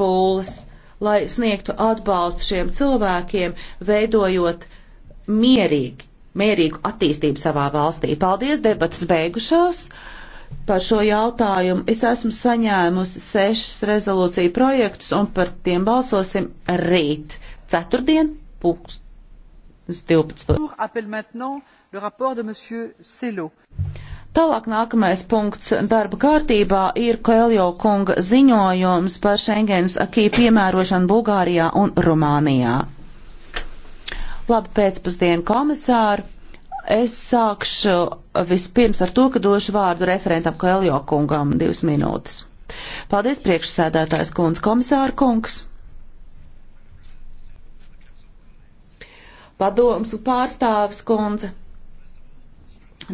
pūles, lai sniegtu atbalstu šiem cilvēkiem, veidojot mierīgi, mierīgu attīstību savā valstī. Paldies, debatas beigušās. Par šo jautājumu es esmu saņēmusi sešas rezolūciju projektus un par tiem balsosim rīt, ceturtdien, pūkst 12. Tālāk nākamais punkts darba kārtībā ir Koeljo kunga ziņojums par Schengens akī piemērošanu Bulgārijā un Rumānijā. Labi pēcpusdienu komisāru. Es sākšu vispirms ar to, ka došu vārdu referentam Koeljo kungam divas minūtes. Paldies priekšsēdētājs kundz komisāra kungs. Padoms pārstāvis kundze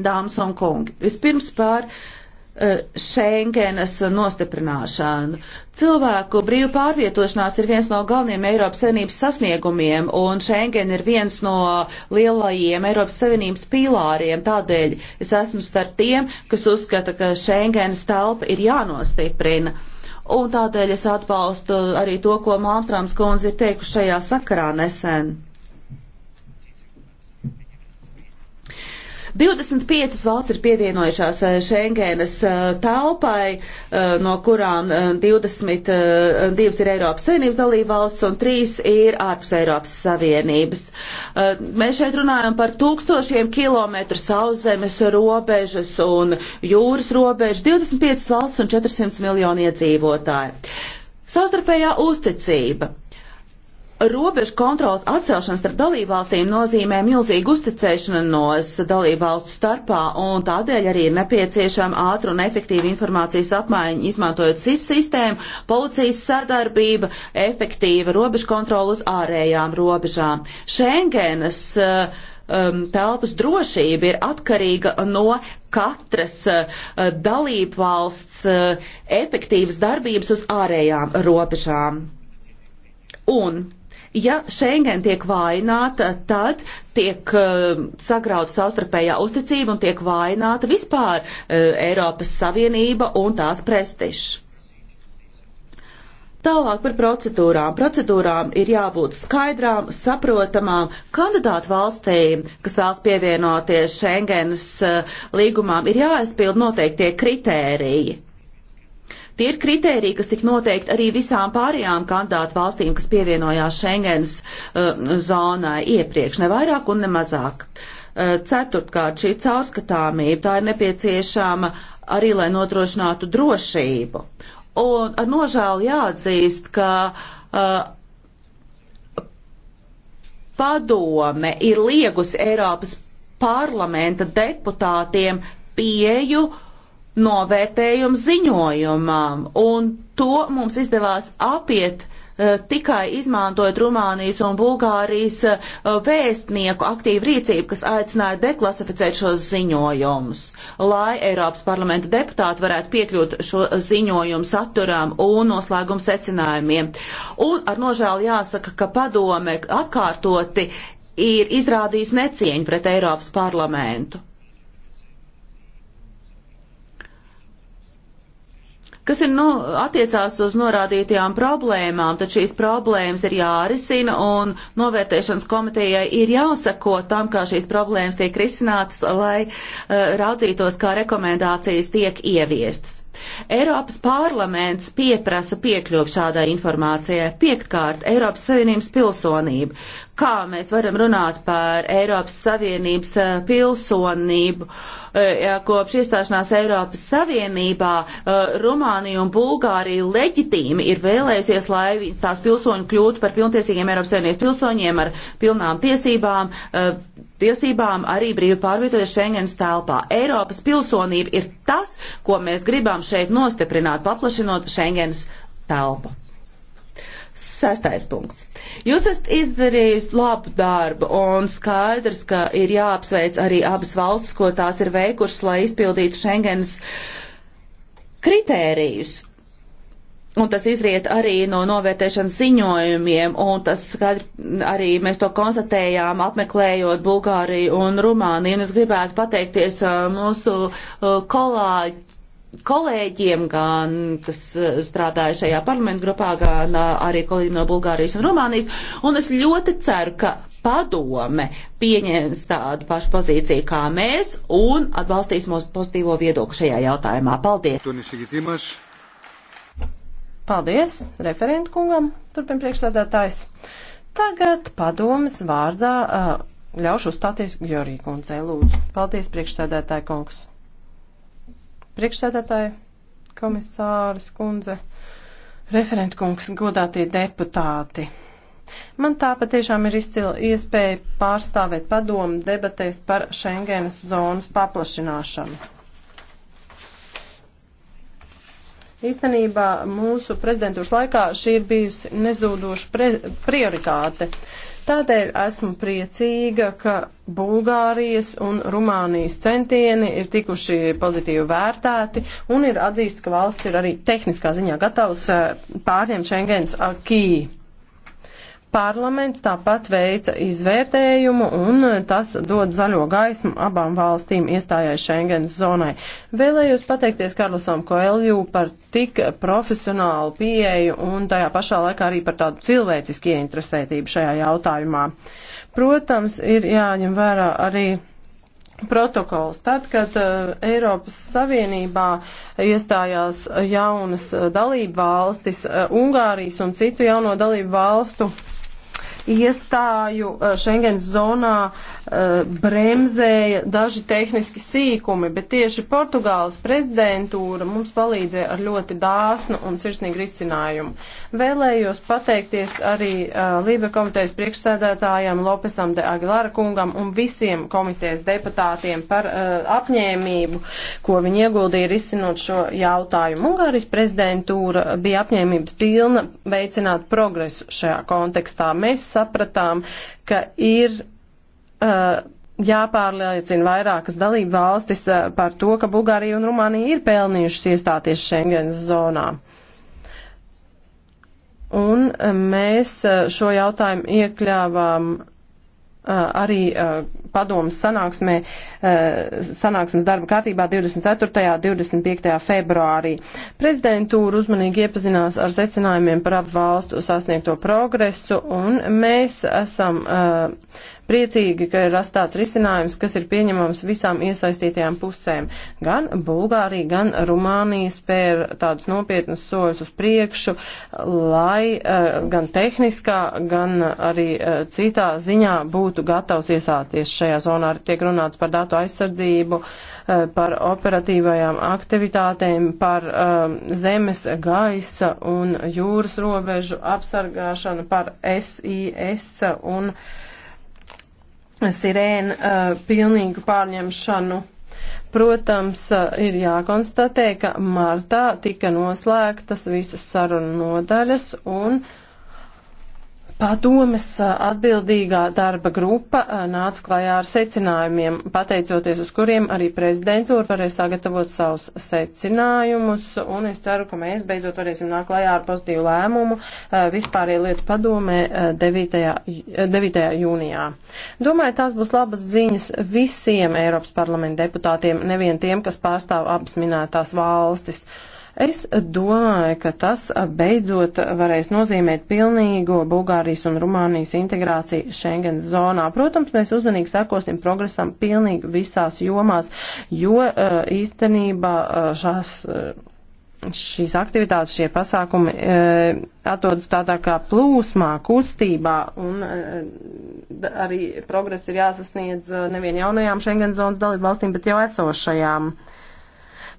dāmas un kungi. Vispirms par eh, Schengenas nostiprināšanu. Cilvēku brīvu pārvietošanās ir viens no galvenajiem Eiropas Savienības sasniegumiem, un Schengen ir viens no lielajiem Eiropas Savienības pīlāriem. Tādēļ es esmu starp tiem, kas uzskata, ka Schengenas telpa ir jānostiprina. Un tādēļ es atbalstu arī to, ko Māmstrāms kundze ir teikuši šajā sakarā nesen. 25 valsts ir pievienojušās eh, Schengenas eh, telpai, eh, no kurām 22 ir Eiropas Savienības dalība valsts un 3 ir ārpus Eiropas Savienības. Mēs šeit runājam par tūkstošiem kilometru sauszemes robežas un jūras robežas, 25 valsts un 400 miljonu iedzīvotāju. Savstarpējā uzticība. Robežu kontrolas atcelšana starp dalībvalstīm nozīmē milzīgu uzticēšanos dalībvalstu starpā, un tādēļ arī ir nepieciešama ātra un efektīva informācijas apmaiņa, izmantojot SIS sistēmu, policijas sadarbība, efektīva robežu kontrola uz ārējām robežām. Šengenas eh, um, telpas drošība ir atkarīga no katras uh, dalībvalsts uh, efektīvas darbības uz ārējām robežām. Un Ja Schengen tiek vaināta, tad tiek uh, sagrauta savstarpējā uzticība un tiek vaināta vispār uh, Eiropas Savienība un tās prestižs. Tālāk par procedūrām. Procedūrām ir jābūt skaidrām, saprotamām. Kandidātu valstīm, kas vēlas pievienoties Schengenas uh, eh, līgumām, ir jāaizpild noteiktie kritēriji. Tie ir kritēriji, kas tik noteikti arī visām pārējām kandidātu valstīm, kas pievienojās Schengens uh, zonai iepriekš, ne vairāk un ne mazāk. Uh, ceturtkārt, šī caurskatāmība tā ir nepieciešama arī, lai nodrošinātu drošību. Un ar nožēlu jāatzīst, ka uh, padome ir liegusi Eiropas parlamenta deputātiem pieju uh, novērtējums ziņojumam, un to mums izdevās apiet uh, tikai izmantojot Rumānijas un Bulgārijas uh, vēstnieku aktīvu rīcību, kas aicināja deklasificēt šos ziņojumus, lai Eiropas parlamenta deputāti varētu piekļūt šo ziņojumu saturam un noslēgumu secinājumiem. Un ar nožēlu jāsaka, ka padome atkārtoti ir izrādījis necieņu pret Eiropas parlamentu. kas ir nu, attiecās uz norādītajām problēmām, tad šīs problēmas ir jārisina un novērtēšanas komitejai ir jāsako tam, kā šīs problēmas tiek risinātas, lai uh, raudzītos, kā rekomendācijas tiek ieviestas. Eiropas parlaments pieprasa piekļuvu šādai informācijai. Piektkārt, Eiropas Savienības pilsonība kā mēs varam runāt par Eiropas Savienības eh, pilsonību. Eh, ja kopš iestāšanās Eiropas Savienībā eh, Rumānija un Bulgārija leģitīmi ir vēlējusies, lai viņas tās pilsoņi kļūtu par pilntiesīgiem Eiropas Savienības pilsoņiem ar pilnām tiesībām, tiesībām arī brīvi pārvietoties Schengens telpā. Eiropas pilsonība ir tas, ko mēs gribam šeit nostiprināt, paplašinot Schengens telpu. Sastais punkts. Jūs esat izdarījis labu darbu un skaidrs, ka ir jāapsveic arī abas valstis, ko tās ir veikušas, lai izpildītu Schengens kritērijus. Un tas izriet arī no novērtēšanas ziņojumiem, un tas arī mēs to konstatējām apmeklējot Bulgāriju un Rumāniju. Un es gribētu pateikties uh, mūsu uh, kolāģi kolēģiem, gan kas eh, strādāja šajā parlamentu grupā, gan eh, arī kolēģiem no Bulgārijas un Rumānijas. Un es ļoti ceru, ka padome pieņems tādu pašu pozīciju kā mēs un atbalstīs mūsu pozitīvo viedokli šajā jautājumā. Paldies! Paldies referentu kungam, turpin priekšsēdētājs. Tagad padomas vārdā eh, ļaušu uzstāties Gjorī kundzei lūdzu. Paldies priekšsēdētāji kungs. Priekšsēdētāji, komisāras kundze, referentkungs, godātie deputāti. Man tā patiešām ir izcila iespēja pārstāvēt padomu debatēs par Schengenas zonas paplašināšanu. Īstenībā mūsu prezidentūras laikā šī ir bijusi nezūdoša prioritāte. Tādēļ esmu priecīga, ka Bulgārijas un Rumānijas centieni ir tikuši pozitīvi vērtēti un ir atzīsts, ka valsts ir arī tehniskā ziņā gatavs eh, pārņemt Schengens akī. Parlaments tāpat veica izvērtējumu un tas dod zaļo gaismu abām valstīm iestājai Schengens zonai. Vēlējos pateikties Karlosam Koelju par tik profesionālu pieeju un tajā pašā laikā arī par tādu cilvēcisku ieinteresētību šajā jautājumā. Protams, ir jāņem vērā arī protokols. Tad, kad uh, Eiropas Savienībā iestājās jaunas uh, dalību valstis, uh, Ungārijas un citu jauno dalību valstu iestāju eh, Schengen zonā eh, bremzēja daži tehniski sīkumi, bet tieši Portugāles prezidentūra mums palīdzēja ar ļoti dāsnu un sirsnīgu risinājumu. Vēlējos pateikties arī eh, Lībe komitejas priekšsēdētājiem Lopesam de Aguilara kungam un visiem komitejas deputātiem par apņēmību, ko viņi ieguldīja risinot šo jautājumu. Ungārijas prezidentūra bija apņēmības pilna veicināt progresu šajā kontekstā. Mēs sapratām, ka ir. Uh, jāpārliecina vairākas dalību valstis uh, par to, ka Bulgārija un Rumānija ir pelnījušas iestāties Schengens zonā. Un uh, mēs uh, šo jautājumu iekļāvām Eh, arī eh, padomas sanāksmē, eh, sanāksmes darba kārtībā 24. un 25. februārī. Prezidentūra uzmanīgi iepazinās ar secinājumiem par apvalstu sasniegto progresu, un mēs esam uh, Priecīgi, ka ir rastāts risinājums, kas ir pieņemams visām iesaistītajām pusēm. Gan Bulgārija, gan Rumānija spēr tādus nopietnus soļus uz priekšu, lai eh, gan tehniskā, gan arī eh, citā ziņā būtu gatavs iesāties šajā zonā. Tiek runāts par datu aizsardzību, eh, par operatīvajām aktivitātēm, par zemes, gaisa un jūras robežu apsargāšanu, par SIS un uh, sirēnu uh, eh, pilnīgu pārņemšanu. Protams, eh, ir jākonstatē, ka martā tika noslēgtas visas sarunu nodaļas un uh, Padomes atbildīgā darba grupa nāca klajā ar secinājumiem, pateicoties uz kuriem arī prezidentūra varēs sagatavot savus secinājumus, un es ceru, ka mēs beidzot varēsim nākt klajā ar pozitīvu lēmumu vispārējai lietu padomē 9. 9. jūnijā. Domāju, tās būs labas ziņas visiem Eiropas parlamenta deputātiem, nevien tiem, kas pārstāv abas minētās valstis. Uh, Es domāju, ka tas beidzot varēs nozīmēt pilnīgo Bulgārijas un Rumānijas integrāciju Schengen zonā. Protams, mēs uzmanīgi sakosim progresam pilnīgi visās jomās, jo uh, īstenībā uh, šās. Uh, šīs aktivitātes, šie pasākumi e, atrodas tādā kā plūsmā, kustībā, un e, arī progress ir jāsasniedz nevien jaunajām Schengen zonas dalību valstīm, bet jau esošajām. E,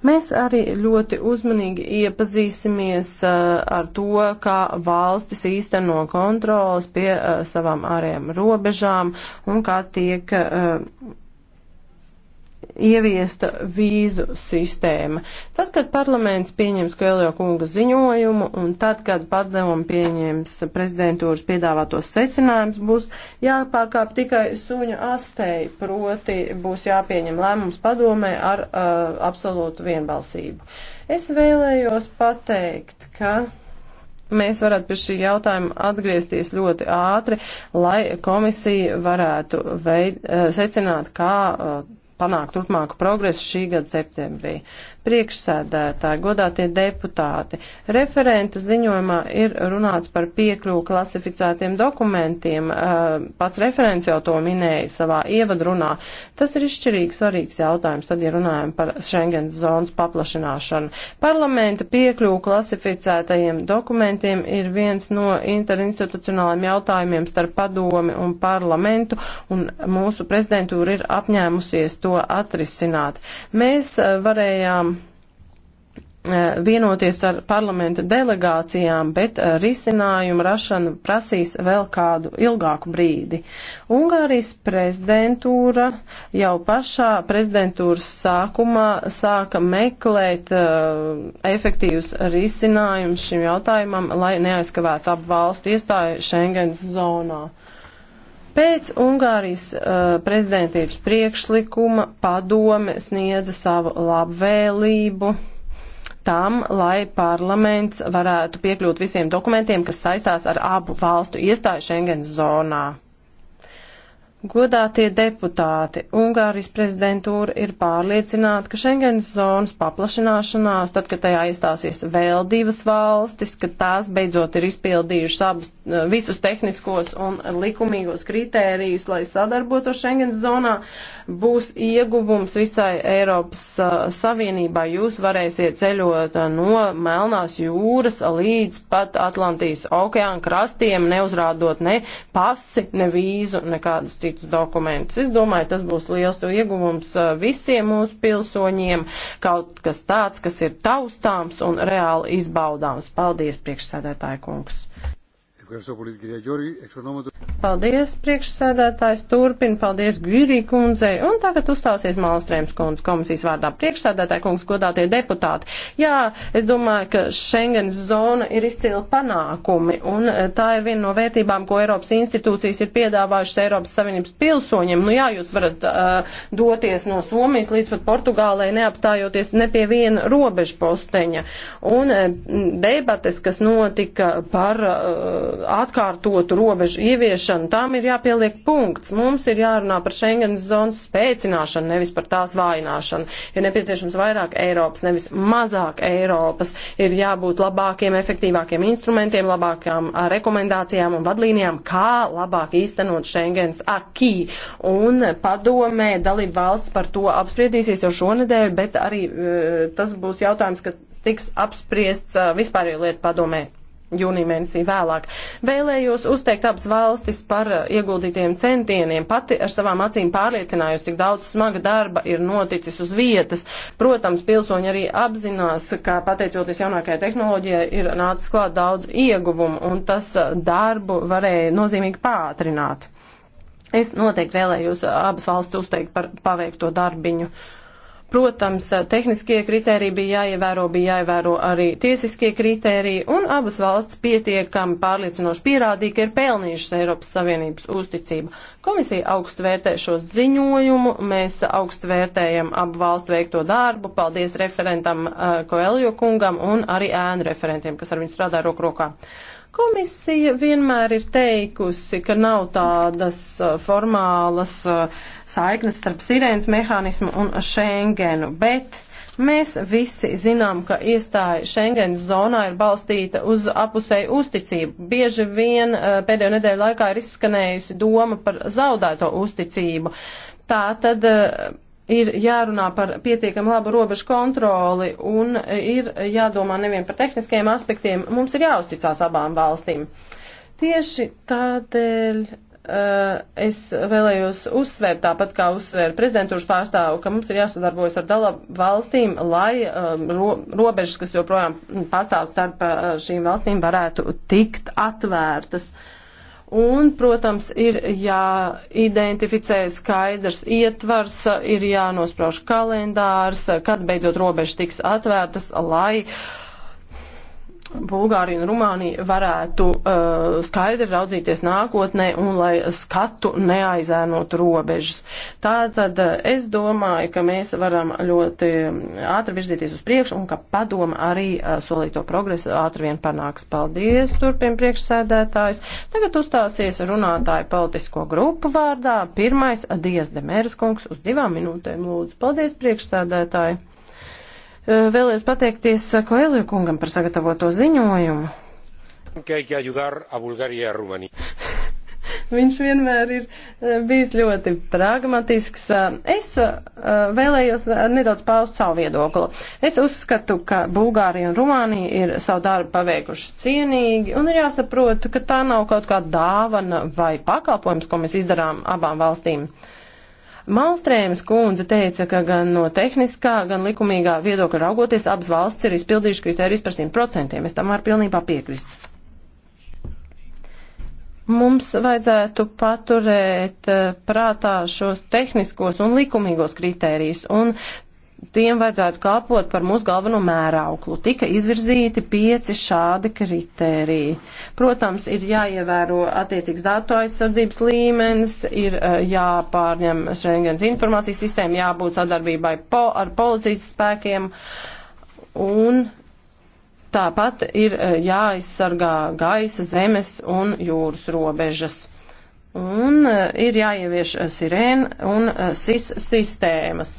Mēs arī ļoti uzmanīgi iepazīsimies uh, ar to, kā valstis īsteno kontrolas pie uh, savām ārējām robežām un kā tiek uh, ieviesta vīzu sistēma. Tad, kad parlaments pieņems Kvēlio kunga ziņojumu un tad, kad padomu pieņems prezidentūras piedāvātos secinājumus, būs jāpārkāp tikai suņa astēji, proti būs jāpieņem lēmums padomē ar uh, absolūtu vienbalsību. Es vēlējos pateikt, ka mēs varētu pie šī jautājuma atgriezties ļoti ātri, lai komisija varētu veid, uh, secināt, kā uh, panākt turpmāku progresu šī gada septembrī priekšsēdētāji, godātie deputāti. Referenta ziņojumā ir runāts par piekļuvu klasificētiem dokumentiem. Eh, pats referents jau to minēja savā ievadrunā. Tas ir izšķirīgi svarīgs jautājums, tad, ja runājam par Schengens zonas paplašināšanu. Parlamenta piekļuvu klasificētajiem dokumentiem ir viens no interinstitucionāliem jautājumiem starp padomi un parlamentu, un mūsu prezidentūra ir apņēmusies to atrisināt. Mēs eh, varējām Eh, vienoties ar parlamenta delegācijām, bet eh, risinājumu rašana prasīs vēl kādu ilgāku brīdi. Ungārijas prezidentūra jau pašā prezidentūras sākumā sāka meklēt uh, efektīvus risinājumus šim jautājumam, lai neaizskavētu ap valstu iestāju Schengens zonā. Pēc Ungārijas uh, prezidentības priekšlikuma padome sniedza savu labvēlību tam, lai parlaments varētu piekļūt visiem dokumentiem, kas saistās ar abu valstu iestāju Schengen zonā. Godātie deputāti, Ungārijas prezidentūra ir pārliecināta, ka Schengens zonas paplašināšanās, tad, kad tajā iestāsies vēl divas valstis, ka tās beidzot ir izpildījušas abus, eh, visus tehniskos un likumīgos kritērijus, lai sadarbotos Schengens zonā, būs ieguvums visai Eiropas uh, Savienībai. Jūs varēsiet ceļot eh, no Melnās jūras līdz pat Atlantijas okeāna krastiem, neuzrādot ne pasi, ne vīzu, nekādus citus citus dokumentus. Es domāju, tas būs liels ieguvums uh, visiem mūsu pilsoņiem, kaut kas tāds, kas ir taustāms un reāli izbaudāms. Paldies, priekšsēdētāja kungs! Paldies, priekšsēdētājs turpina, paldies Gvīrī kundzei, un tagad uzstāsies Mālstrēms kundz komisijas vārdā. Priekšsēdētāji kungs, godātie deputāti. Jā, es domāju, ka Schengens zona ir izcila panākumi, un e, tā ir viena no vērtībām, ko Eiropas institūcijas ir piedāvājušas Eiropas Savienības pilsoņiem. Nu jā, jūs varat uh, doties no Somijas līdz pat Portugālē, neapstājoties ne pie viena robežposteņa. Un uh, debates, kas notika par. Uh, atkārtotu robežu ieviešanu, tam ir jāpieliek punkts. Mums ir jārunā par Schengenas zonas spēcināšanu, nevis par tās vājināšanu. Ir nepieciešams vairāk Eiropas, nevis mazāk Eiropas. Ir jābūt labākiem, efektīvākiem instrumentiem, labākām rekomendācijām un vadlīnijām, kā labāk īstenot Schengenas akī. Un padomē dalību valsts par to apspriedīsies jau šonedēļ, bet arī e, tas būs jautājums, kas tiks apspriests vispārējo lietu padomē jūnija mēnesī vēlāk. Vēlējos uzteikt abas valstis par uh, ieguldītiem centieniem. Pati ar savām acīm pārliecinājos, cik daudz smaga darba ir noticis uz vietas. Protams, pilsoņi arī apzinās, ka pateicoties jaunākajai tehnoloģijai ir nācis klāt daudz ieguvumu, un tas uh, darbu varēja nozīmīgi pātrināt. Es noteikti vēlējos uh, abas valsts uzteikt par paveikto darbiņu. Uh, Protams, tehniskie kriteriji bija jāievēro, bija jāievēro arī tiesiskie kriteriji, un abas valsts pietiekami pārliecinoši pierādīja, ka ir pelnījušas Eiropas Savienības uzticību. Komisija augstu vērtē šo ziņojumu, mēs augstu vērtējam abu valstu veikto darbu, paldies referentam uh, Koeljo kungam un arī ēnu referentiem, kas ar viņu strādā roku rokā. Komisija vienmēr ir teikusi, ka nav tādas uh, formālas uh, saiknes starp sirēnas mehānismu un Schengenu, bet Mēs visi zinām, ka iestāja Schengens zonā ir balstīta uz apusēju uzticību. Bieži vien uh, pēdējo nedēļu laikā ir izskanējusi doma par zaudēto uzticību. Tā tad ir jārunā par pietiekam labu robežu kontroli un ir jādomā nevien par tehniskajiem aspektiem, mums ir jāuzticās abām valstīm. Tieši tādēļ eh, es vēlējos uzsvērt, tāpat kā uzsvēra prezidentūras pārstāvu, ka mums ir jāsadarbojas ar dalību valstīm, lai eh, ro, robežas, kas joprojām pastāv starp eh, šīm valstīm, varētu tikt atvērtas. Uh, Un, protams, ir jāidentificē skaidrs ietvars, ir jānosprauž kalendārs, kad beidzot robežas tiks atvērtas, lai uh, Bulgārija un Rumānija varētu uh, skaidri raudzīties nākotnē un lai skatu neaizēnot robežas. Tātad uh, es domāju, ka mēs varam ļoti ātri virzīties uz priekšu un ka padoma arī uh, solīto progresu ātri vien panāks. Paldies, turpiem priekšsēdētājs. Tagad uzstāsies runātāja politisko grupu vārdā. Pirmais, Dievs Demēras kungs, uz divām minūtēm lūdzu. Paldies, priekšsēdētāji. Eh, vēlējos pateikties Koeliju kungam par sagatavoto ziņojumu. Viņš vienmēr ir eh, bijis ļoti pragmatisks. Eh, es vēlējos nedaudz paust savu viedokli. Es uzskatu, ka Bulgārija un Rumānija ir savu darbu paveikuši cienīgi un ir jāsaprot, ka tā nav kaut kā dāvana vai pakalpojums, ko mēs izdarām abām valstīm. Uh, Malstrēmas kundze teica, ka gan no tehniskā, gan likumīgā viedokļa raugoties abas valsts ir izpildījušas kritērijas par 100%. Es tam varu pilnībā piekrist. Mums vajadzētu paturēt eh, prātā šos tehniskos un likumīgos kritērijus, un tiem vajadzētu kalpot par mūsu galveno mērauklu. Tika izvirzīti pieci šādi kritēriji. Protams, ir jāievēro attiecīgs datu aizsardzības līmenis, ir eh, jāpārņem Schengens informācijas sistēma, jābūt sadarbībai po, ar policijas spēkiem un tāpat ir eh, jāaizsargā gaisa, zemes un jūras robežas un uh, ir jāievieš sirēna un uh, sis sistēmas.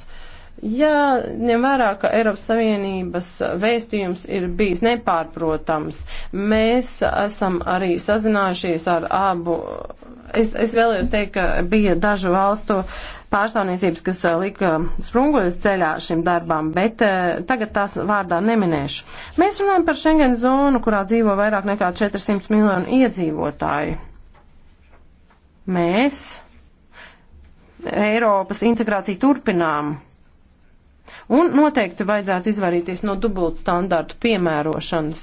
Jā, ņem vērā, ka Eiropas Savienības vēstījums ir bijis nepārprotams. Mēs esam arī sazinājušies ar abu. Es, es vēlējos teikt, ka bija dažu valstu pārstāvniecības, kas eh, lika sprunguļus ceļā šim darbām, bet eh, tagad tās vārdā neminēšu. Mēs runājam par Schengen zonu, kurā dzīvo vairāk nekā 400 miljonu iedzīvotāju. Mēs Eiropas integrāciju turpinām Un noteikti vajadzētu izvairīties no dubultu standartu piemērošanas.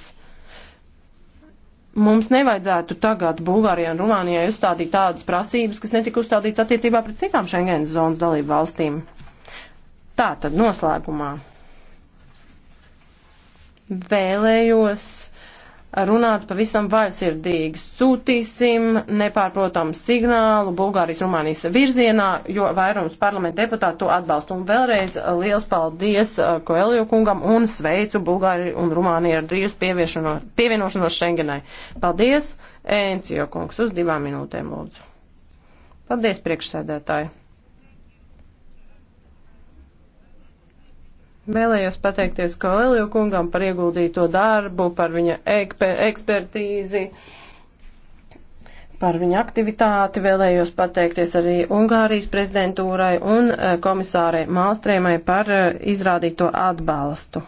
Mums nevajadzētu tagad Bulgārijai un Rumānijai uzstādīt tādas prasības, kas netika uzstādīts attiecībā pret citām Schengenas zonas dalību valstīm. Tā tad noslēgumā vēlējos runāt pavisam vaļsirdīgi. Sūtīsim nepārprotamu signālu Bulgārijas Rumānijas virzienā, jo vairums parlamenta deputātu to atbalsta. Un vēlreiz uh, liels paldies uh, Koeliju kungam un sveicu Bulgāriju un Rumāniju ar drīz pievienošanos Schengenai. Paldies, Encijo kungs, uz divām minūtēm lūdzu. Paldies, priekšsēdētāji. Vēlējos pateikties Koeliju kungam par ieguldīto darbu, par viņa ekspertīzi, par viņa aktivitāti. Vēlējos pateikties arī Ungārijas prezidentūrai un eh, komisārai Mālstrēmai par eh, izrādīto atbalstu.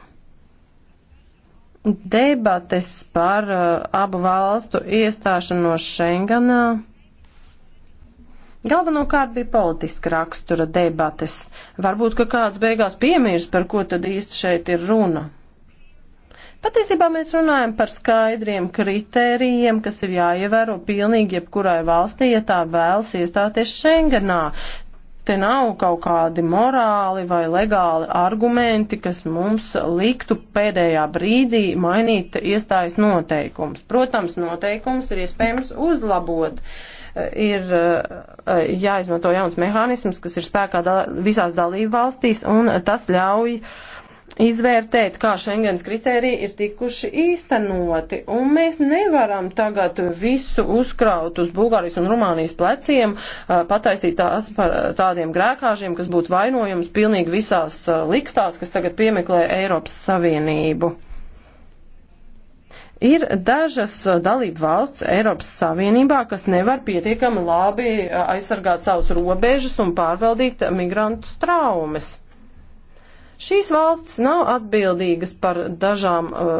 Debates par eh, abu valstu iestāšanos Schenganā Galvenokārt bija politiska rakstura debates. Varbūt, ka kāds beigās piemirs, par ko tad īsti šeit ir runa. Patiesībā mēs runājam par skaidriem kritērijiem, kas ir jāievēro pilnīgi jebkurai valstī, ja tā vēlas iestāties Schengenā. Te nav kaut kādi morāli vai legāli argumenti, kas mums liktu pēdējā brīdī mainīt iestājas noteikums. Protams, noteikums ir iespējams uzlabot. Uh, ir eh, jāizmanto jauns mehānisms, kas ir spēkā da visās dalību valstīs, un tas ļauj izvērtēt, kā Schengens kritēriji ir tikuši īstenoti. Un mēs nevaram tagad visu uzkraut uz Bulgārijas un Rumānijas pleciem, eh, pataisīt tās par tādiem grēkāžiem, kas būtu vainojums pilnīgi visās eh, likstās, kas tagad piemeklē Eiropas Savienību. Ir dažas uh, dalību valsts Eiropas Savienībā, kas nevar pietiekami labi uh, aizsargāt savus robežas un pārvaldīt migrantu traumas. Šīs valsts nav atbildīgas par, dažām, uh,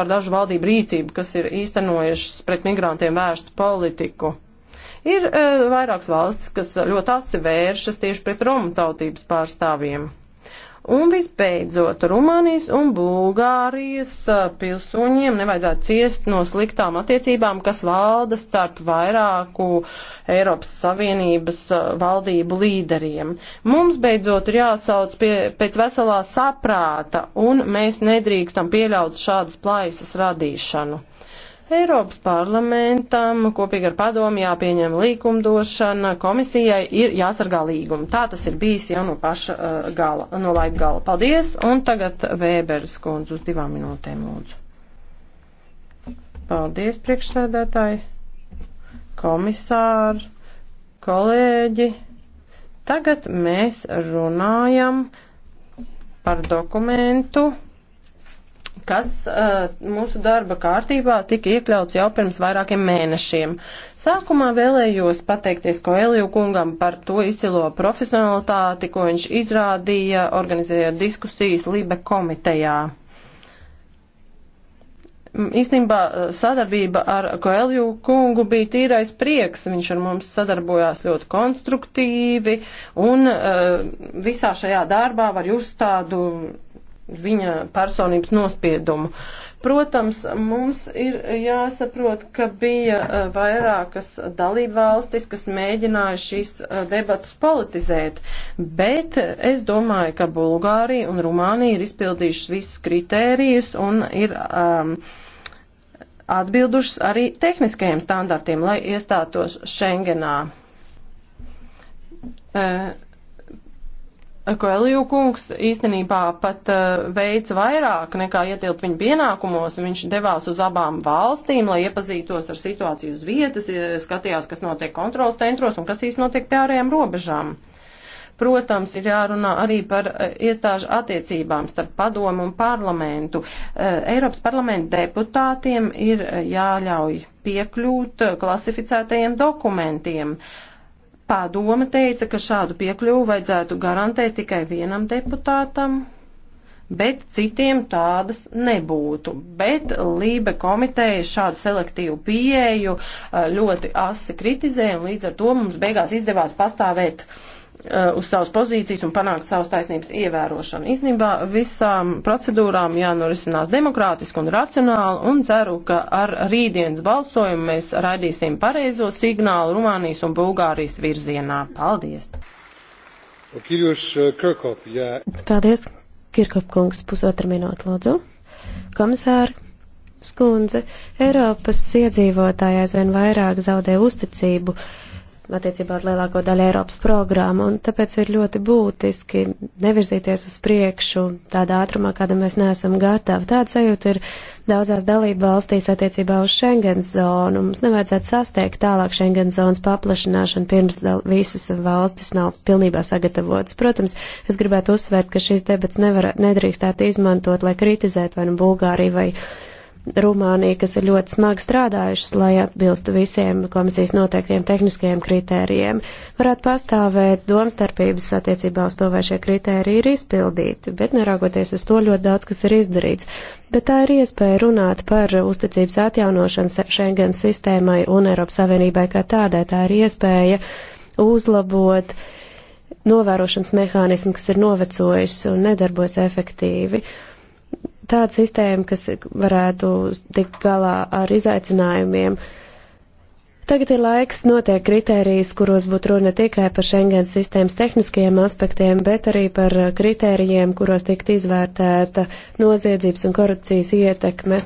par dažu valdību rīcību, kas ir īstenojušas pret migrantiem vērstu politiku. Ir vairākas valsts, kas ļoti asi vēršas tieši pret Romu tautības pārstāvjiem. Un visbeidzot, Rumānijas un Bulgārijas uh, pilsoņiem nevajadzētu ciest no sliktām attiecībām, kas valda starp vairāku Eiropas Savienības uh, valdību līderiem. Mums beidzot ir jāsauc pie, pēc veselā saprāta, un mēs nedrīkstam pieļaut šādas plaisas radīšanu. Eiropas parlamentam kopīgi ar padomu jāpieņem likumdošana, komisijai ir jāsargā līguma. Tā tas ir bijis jau no paša uh, gala, no laika gala. Paldies, un tagad Vēberis kundze uz divām minūtēm lūdzu. Paldies, priekšsēdētāji, komisāri, kolēģi. Tagad mēs runājam par dokumentu kas uh, mūsu darba kārtībā tika iekļauts jau pirms vairākiem mēnešiem. Sākumā vēlējos pateikties Koeliju kungam par to izcilo profesionalitāti, ko viņš izrādīja, organizējot diskusijas Libe komitejā īstenībā eh, sadarbība ar Koelju kungu bija tīrais prieks. Viņš ar mums sadarbojās ļoti konstruktīvi un uh, visā šajā darbā var just tādu viņa personības nospiedumu. Protams, mums ir jāsaprot, ka bija eh, vairākas dalībvalstis, kas mēģināja šīs eh, debatus politizēt, bet es domāju, ka Bulgārija un Rumānija ir izpildījušas visus kritērijus un ir. Um, atbildušas arī tehniskajiem standartiem, lai iestātos Schengenā. Uh, Koeliju kungs īstenībā pat uh, veica vairāk nekā ietilpt viņa pienākumos. Viņš devās uz abām valstīm, lai iepazītos ar situāciju uz vietas, skatījās, kas notiek kontrols centros un kas īsti notiek pie ārējām robežām. Protams, ir jārunā arī par uh, iestāžu attiecībām starp padomu un parlamentu. Uh, Eiropas parlamenta deputātiem ir uh, jāļauj piekļūt uh, klasificētajiem dokumentiem. Uh, Padoma teica, ka šādu piekļuvu vajadzētu garantēt tikai vienam deputātam, bet citiem tādas nebūtu. Bet Lībe komiteja šādu selektīvu pieeju eh, ļoti asi kritizē, un līdz ar to mums beigās izdevās pastāvēt uh, Uh, uz savas pozīcijas un panākt savas taisnības ievērošanu. Īsnībā visām procedūrām jānorisinās demokrātiski un racionāli, un ceru, ka ar rītdienas balsojumu mēs raidīsim pareizo signālu Rumānijas un Bulgārijas virzienā. Paldies! Uh, Kirkop, jā. Paldies, Kirkop kungs, pusotra minūte, lūdzu. Komisāri, skundze, Eiropas iedzīvotāji aizvien vairāk zaudē uzticību attiecībā uz lielāko daļu Eiropas programmu, un tāpēc ir ļoti būtiski nevirzīties uz priekšu tādā ātrumā, kāda mēs neesam gatavi. Tāds sajūta ir daudzās dalība valstīs attiecībā uz Schengen zonu. Mums nevajadzētu sasteigt tālāk Schengen zonas paplašināšanu, pirms visas valstis nav pilnībā sagatavotas. Protams, es gribētu uzsvērt, ka šīs debats nevar, nedrīkstētu izmantot, lai kritizētu vai nu Bulgāriju vai Rumānija, kas ir ļoti smagi strādājušas, lai atbilstu visiem komisijas noteiktiem tehniskajiem kritērijiem, varētu pastāvēt domstarpības attiecībā uz to, vai šie kritēriji ir izpildīti, bet neraugoties uz to ļoti daudz, kas ir izdarīts. Bet tā ir iespēja runāt par uzticības atjaunošanu Schengen sistēmai un Eiropas Savienībai kā tādai. Tā ir iespēja uzlabot novērošanas mehānismu, kas ir novecojis un nedarbojas efektīvi. Uh, tāda sistēma, kas varētu tikt galā ar izaicinājumiem. Tagad ir laiks noteikt kritērijas, kuros būtu runa tikai par Schengens sistēmas tehniskajiem aspektiem, bet arī par kritērijiem, kuros tikt izvērtēta noziedzības un korupcijas ietekme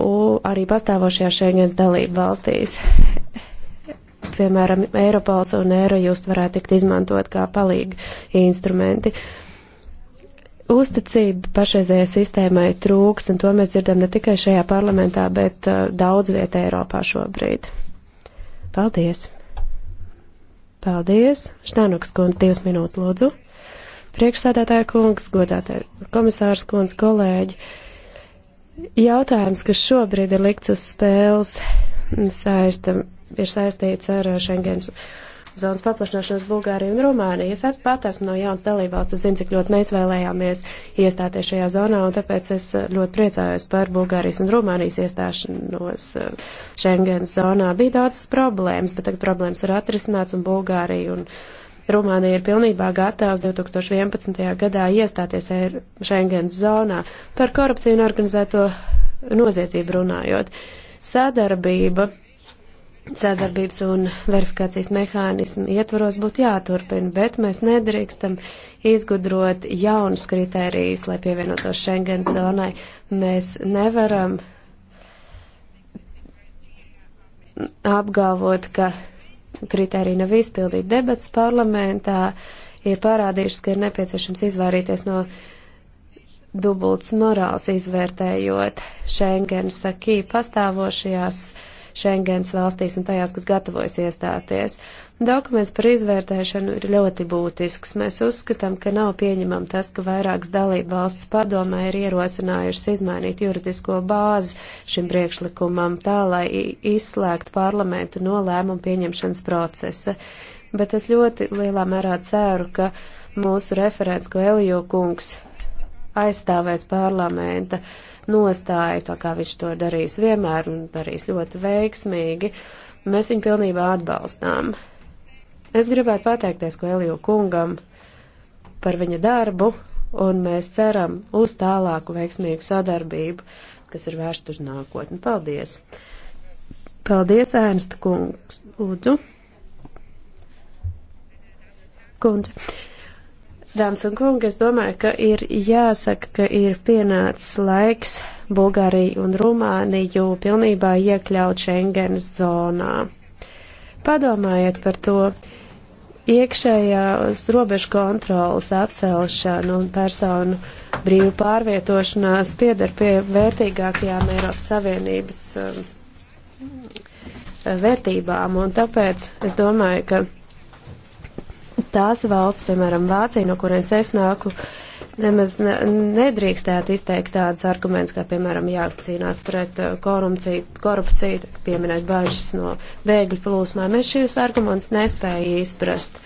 u, arī pastāvošajā Schengens dalību valstīs. Piemēram, Eiropols un Eirojust varētu tikt izmantot kā palīgi instrumenti. Uh, uzticība pašreizējai sistēmai trūkst, un to mēs dzirdam ne tikai šajā parlamentā, bet uh, daudz vietā Eiropā šobrīd. Paldies! Paldies! Štānuks kundz, divas minūtes lūdzu. Priekšsādātāja kungs, godātāja komisārs kundz, kolēģi. Jautājums, kas šobrīd ir likts uz spēles, saista, ir saistīts ar Schengens. Uh, zonas paplašināšanos Bulgāriju un Rumāniju. Es pat esmu no jaunas dalībvalstis, zinu, cik ļoti mēs vēlējāmies iestāties šajā zonā, un tāpēc es eh, ļoti priecājos par Bulgārijas un Rumānijas iestāšanos eh, Schengens zonā. Bija daudzas problēmas, bet tagad problēmas ir atrisināts, un Bulgārija un Rumānija ir pilnībā gatavs 2011. gadā iestāties Schengens zonā par korupciju un organizēto noziedzību runājot. Sadarbība sadarbības un verifikācijas mehānismu ietvaros būtu jāturpina, bet mēs nedrīkstam izgudrot jaunus kritērijus, lai pievienotos Schengen zonai. Mēs nevaram apgalvot, ka kritērija nav izpildīta debats parlamentā, ir parādījušas, ka ir nepieciešams izvairīties no dubultas morāls izvērtējot Schengen sakī pastāvošajās uh, Schengens valstīs un tajās, kas gatavojas iestāties. Dokuments par izvērtēšanu ir ļoti būtisks. Mēs uzskatām, ka nav pieņemam tas, ka vairākas dalība valsts padomē ir ierosinājušas izmainīt juridisko bāzi šim priekšlikumam tā, lai izslēgtu parlamentu no lēmumu pieņemšanas procesa. Bet es ļoti lielā mērā ceru, ka mūsu referents Koeliju kungs aizstāvēs parlamenta uh, nostāju, tā kā viņš to darīs vienmēr un darīs ļoti veiksmīgi. Mēs viņu pilnībā atbalstām. Es gribētu pateikties Koeliju kungam par viņa darbu, un mēs ceram uz tālāku veiksmīgu sadarbību, kas ir vērst uz nākotni. Paldies! Paldies, Ernsta kungs! Lūdzu! Kundze! Dāmas un kungi, es domāju, ka ir jāsaka, ka ir pienācis laiks Bulgāriju un Rumāniju pilnībā iekļaut Schengenas zonā. Padomājiet par to iekšējās robežu kontrolas atcelšanu un personu brīvu pārvietošanās pieder pie vērtīgākajām Eiropas Savienības um, vērtībām, un tāpēc es domāju, ka tās valsts, piemēram, Vācija, no kurienes es nāku, nemaz ne, nedrīkstētu izteikt tādus argumentus, kā, piemēram, jācīnās pret uh, korupciju, korupciju pieminēt bažas no bēgļu plūsmām. Mēs šīs argumentus nespēju izprast.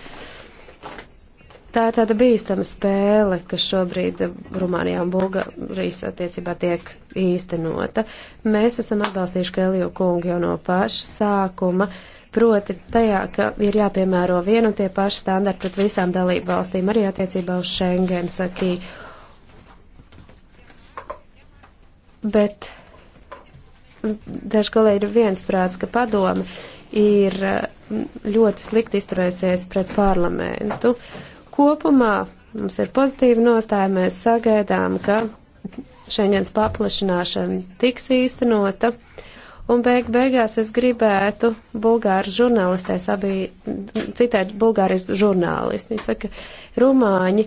Tā ir tāda bīstama spēle, kas šobrīd uh, Rumānijā un Bulgārijas attiecībā tiek īstenota. Mēs esam atbalstījuši Keliju kungu jau no paša sākuma. Uh, proti tajā, ka ir jāpiemēro vienu un tie paši standarti pret visām dalību valstīm, arī attiecībā uz Schengen, saki. Bet daži kolēģi ir viensprāts, ka padomi ir ļoti slikti izturēsies pret parlamentu. Kopumā mums ir pozitīva nostāja, mēs sagaidām, ka Schengens paplašināšana tiks īstenota. Uh, Un beig beigās es gribētu bulgāru žurnālistē abi citēt bulgārijas žurnālisti. Viņi saka, rumāņi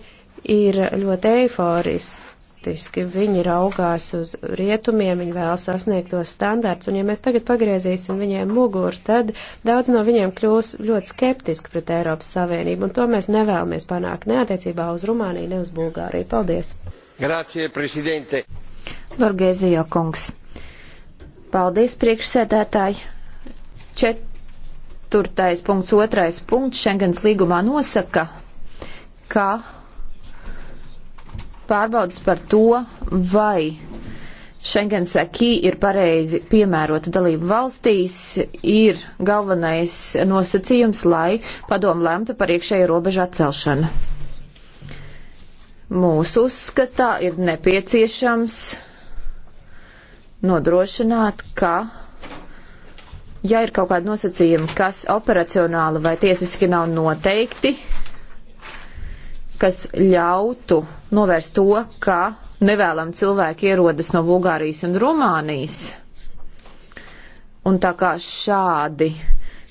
ir ļoti eiforistiski, viņi raugās uz rietumiem, viņi vēl sasniegt tos standārts, un ja mēs tagad pagriezīsim viņiem muguru, tad daudz no viņiem kļūs ļoti skeptiski pret Eiropas Savienību, un to mēs nevēlamies panākt neatiecībā uz Rumāniju, ne uz Bulgāriju. Paldies! Grācie, prezidente! Borgēzijo kungs! Paldies, priekšsēdētāji. Četurtais punkts, otrais punkts Šengens līgumā nosaka, ka pārbaudas par to, vai Šengens akī ir pareizi piemērota dalību valstīs, ir galvenais nosacījums, lai padomu lemtu par iekšēju robežu atcelšanu. Mūsu uzskatā ir nepieciešams nodrošināt, ka, ja ir kaut kādi nosacījumi, kas operacionāli vai tiesiski nav noteikti, kas ļautu novērst to, ka nevēlam cilvēki ierodas no Bulgārijas un Rumānijas. Un tā kā šādi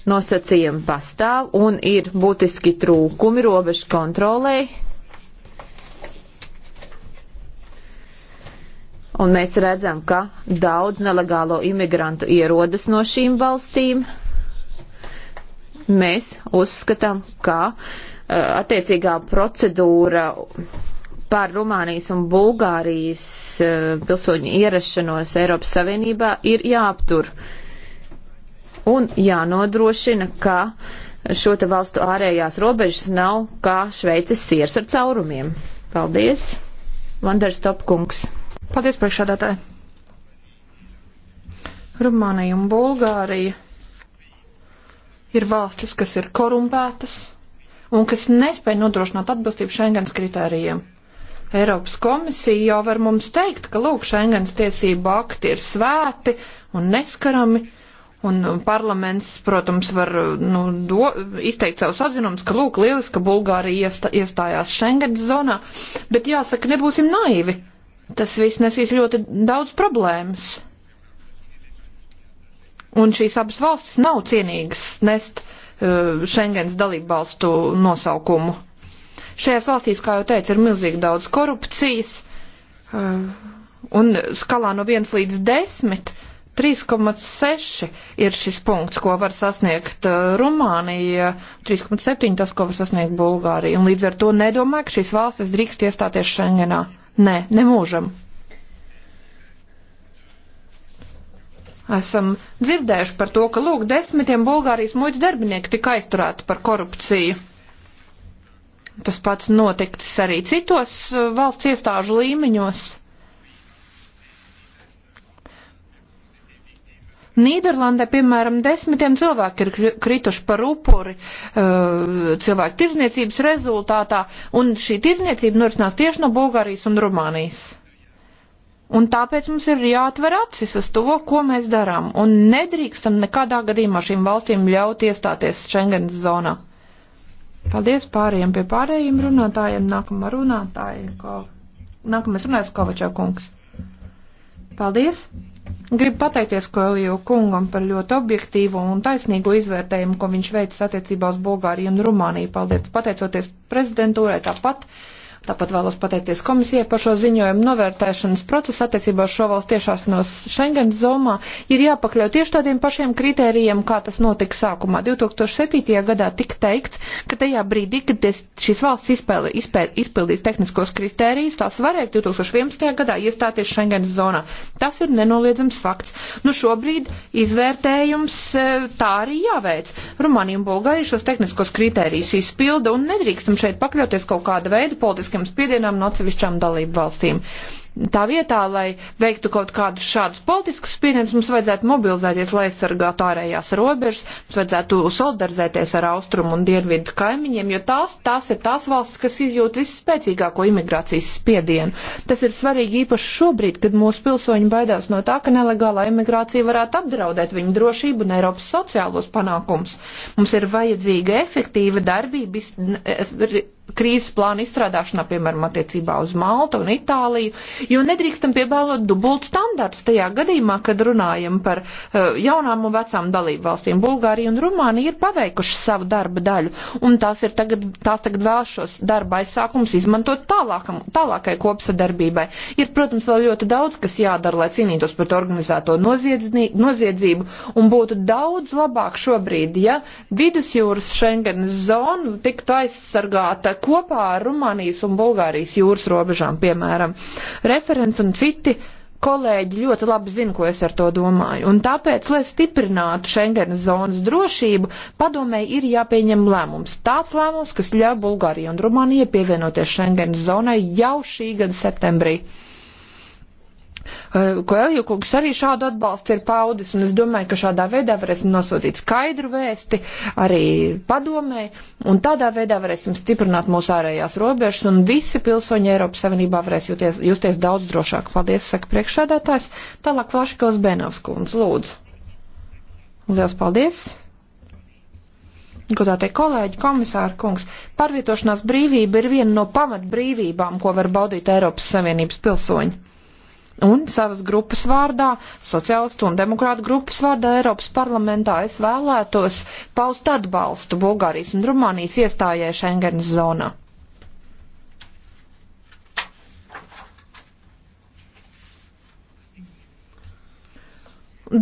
nosacījumi pastāv un ir būtiski trūkumi robežu kontrolei, Un mēs redzam, ka daudz nelegālo imigrantu ierodas no šīm valstīm. Mēs uzskatām, ka uh, attiecīgā procedūra par Rumānijas un Bulgārijas uh, pilsoņu ierašanos Eiropas Savienībā ir jāaptur un jānodrošina, ka šo te valstu ārējās robežas nav kā Šveices siers ar caurumiem. Paldies, Vanders Topkungs! Paldies, priekšādātāji. Rumānija un Bulgārija ir valstis, kas ir korumpētas un kas nespēja nodrošināt atbilstību Schengens kritērijiem. Eiropas komisija jau var mums teikt, ka lūk, Schengens tiesību akti ir svēti un neskarami, un parlaments, protams, var nu, do, izteikt savus atzinumus, ka lūk, lieliski, ka Bulgārija iestājās Schengens zonā, bet jāsaka, nebūsim naivi. Tas viss nesīs ļoti daudz problēmas. Un šīs abas valstis nav cienīgas nest uh, Schengens dalību valstu nosaukumu. Šajās valstīs, kā jau teicu, ir milzīgi daudz korupcijas, uh, un skalā no 1 līdz 10 3,6 ir šis punkts, ko var sasniegt uh, Rumānija, 3,7 tas, ko var sasniegt Bulgārija. Un līdz ar to nedomāju, ka šīs valstis drīkst iestāties Schengenā. Nē, nemūžam. Esam dzirdējuši par to, ka lūk, desmitiem Bulgārijas muļķu darbinieki tika aizturēti par korupciju. Tas pats notikts arī citos eh, valsts iestāžu līmeņos. Nīderlandē, piemēram, desmitiem cilvēki ir krituši par upuri uh, cilvēku tirzniecības rezultātā, un šī tirzniecība norisinās tieši no Bulgārijas un Rumānijas. Un tāpēc mums ir jāatver acis uz to, ko mēs darām, un nedrīkstam nekādā gadījumā šīm valstīm ļaut iestāties Schengens zonā. Paldies pārējiem pie pārējiem runātājiem. Nākamā runātāja, ko... nākamais runājas Kovačā kungs. Paldies! Gribu pateikties Koeliju kungam par ļoti objektīvu un taisnīgu izvērtējumu, ko viņš veicis attiecībā uz Bulgāriju un Rumāniju. Paldies, pateicoties prezidentūrai tāpat. Tāpat vēlos pateikties komisijai par šo ziņojumu novērtēšanas procesu attiecībā uz šo valstu tiešāšanos Schengen zomā. Ir jāpakļaut tieši tādiem pašiem kritērijiem, kā tas notika sākumā. 2007. gadā tika teikts, ka tajā brīdī, kad šīs valsts izpēli, izpēli, izpildīs tehniskos kritērijus, tās varēs 2011. gadā iestāties Schengen zonā. Tas ir nenoliedzams fakts. Nu šobrīd izvērtējums e, tā arī jāveic. Rumānija un Bulgārija šos tehniskos kritērijus izpilda un nedrīkstam šeit pakļauties kaut kāda veida politiskiem atsevišķam spiedienam no atsevišķām dalību valstīm tā vietā, lai veiktu kaut kādus šādus politiskus spiedienus, mums vajadzētu mobilizēties, lai aizsargātu ārējās robežas, mums vajadzētu solidarizēties ar austrumu un dienvidu kaimiņiem, jo tās, tās ir tās valstis, kas izjūt visspēcīgāko imigrācijas spiedienu. Tas ir svarīgi īpaši šobrīd, kad mūsu pilsoņi baidās no tā, ka nelegālā imigrācija varētu apdraudēt viņu drošību un Eiropas sociālos panākumus. Mums ir vajadzīga efektīva darbība krīzes plānu izstrādāšanā, piemēram, attiecībā uz Maltu un Itāliju, jo nedrīkstam piebālot dubult standarts tajā gadījumā, kad runājam par uh, jaunām un vecām dalību valstīm. Bulgārija un Rumānija ir paveikuši savu darba daļu, un tās, ir tagad, tās tagad vēl šos darba aizsākums izmantot tālākam, tālākai kopsadarbībai. Ir, protams, vēl ļoti daudz, kas jādara, lai cīnītos pret organizēto noziedzību, un būtu daudz labāk šobrīd, ja vidusjūras Schengenas zonu tiktu aizsargāta kopā ar Rumānijas un Bulgārijas jūras robežām, piemēram. Re referents un citi kolēģi ļoti labi zina, ko es ar to domāju. Un tāpēc, lai stiprinātu Schengenas zonas drošību, padomēji ir jāpieņem lēmums. Tāds lēmums, kas ļauj Bulgārijai un Rumānijai pievienoties Schengenas zonai jau šī gada septembrī. Eh, Koelju kungs arī šādu atbalstu ir paudis, un es domāju, ka šādā veidā varēsim nosūtīt skaidru vēsti arī padomē, un tādā veidā varēsim stiprināt mūsu ārējās robežas, un visi pilsoņi Eiropas Savienībā varēs jūties, justies daudz drošāk. Paldies, saka priekšādātājs. Tālāk Flašikovs Benovs kundz, lūdzu. Liels paldies! Godātie kolēģi, komisāra kungs, pārvietošanās brīvība ir viena no pamatbrīvībām, ko var baudīt Eiropas Savienības pilsoņi. Un savas grupas vārdā, sociālistu un demokrātu grupas vārdā Eiropas parlamentā es vēlētos paust atbalstu Bulgārijas un Rumānijas iestājai Schengenas zonā.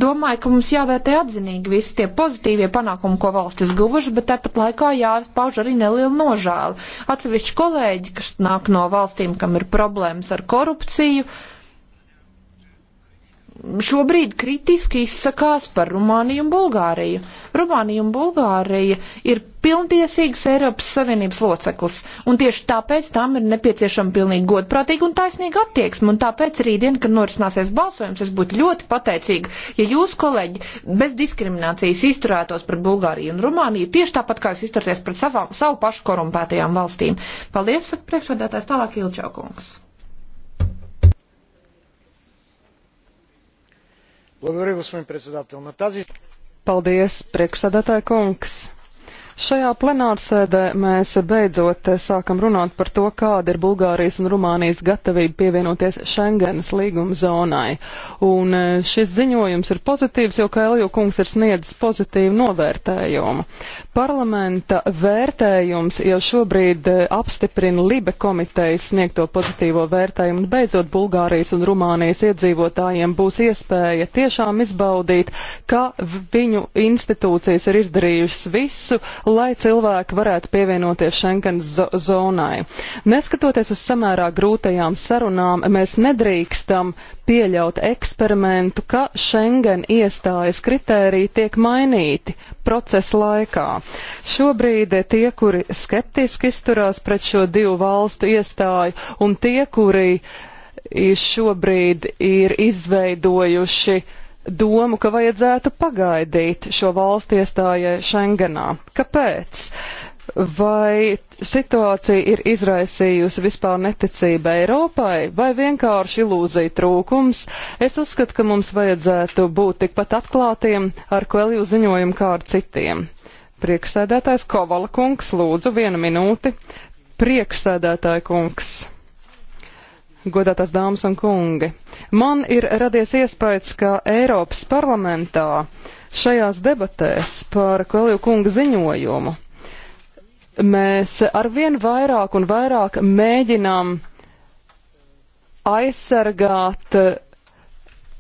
domāju, ka mums jāvērtē atzinīgi visi tie pozitīvie panākumi, ko valstis guvuši, bet tāpat laikā jāpauž arī neliela nožēla. Atsevišķi kolēģi, kas nāk no valstīm, kam ir problēmas ar korupciju, uh, šobrīd kritiski izsakās par Rumāniju un Bulgāriju. Rumānija un Bulgārija ir pilntiesīgas Eiropas Savienības loceklis, un tieši tāpēc tam ir nepieciešama pilnīgi godprātīga un taisnīga attieksme, un tāpēc rītdien, kad norisināsies balsojums, es būtu ļoti pateicīga, ja jūs, kolēģi, bez diskriminācijas izturētos pret Bulgāriju un Rumāniju, tieši tāpat kā jūs izturties pret savām, savu pašu korumpētajām valstīm. Paldies, priekšādātājs tālāk Ilčaukungs. Paldies, priekšsādātāja kungs! Šajā plenārsēdē mēs beidzot sākam runāt par to, kāda ir Bulgārijas un Rumānijas gatavība pievienoties Schengenas līguma zonai. Un e, šis ziņojums ir pozitīvs, jo Kailju kungs ir sniedzis pozitīvu novērtējumu. Parlamenta vērtējums jau šobrīd e, apstiprina Libe komitejas sniegto pozitīvo vērtējumu, un beidzot Bulgārijas un Rumānijas iedzīvotājiem būs iespēja tiešām izbaudīt, ka viņu institūcijas ir izdarījušas visu, lai cilvēki varētu pievienoties Schengen zonai. Neskatoties uz samērā grūtajām sarunām, mēs nedrīkstam pieļaut eksperimentu, ka Schengen iestājas kritēriji tiek mainīti procesa laikā. Šobrīd tie, kuri skeptiski izturās pret šo divu valstu iestāju un tie, kuri šobrīd ir izveidojuši domu, ka vajadzētu pagaidīt šo valstu iestājai Schengenā. Kāpēc? Vai situācija ir izraisījusi vispār neticību Eiropai, vai vienkārši ilūzija trūkums? Es uzskatu, ka mums vajadzētu būt tikpat atklātiem ar Koeliju ziņojumu kā ar citiem. Priekšsēdētājs Kovala kungs, lūdzu, viena minūte. Priekšsēdētāja kungs godātās dāmas un kungi. Man ir radies iespējas, ka Eiropas parlamentā šajās debatēs par Kalju kunga ziņojumu mēs arvien vairāk un vairāk mēģinām aizsargāt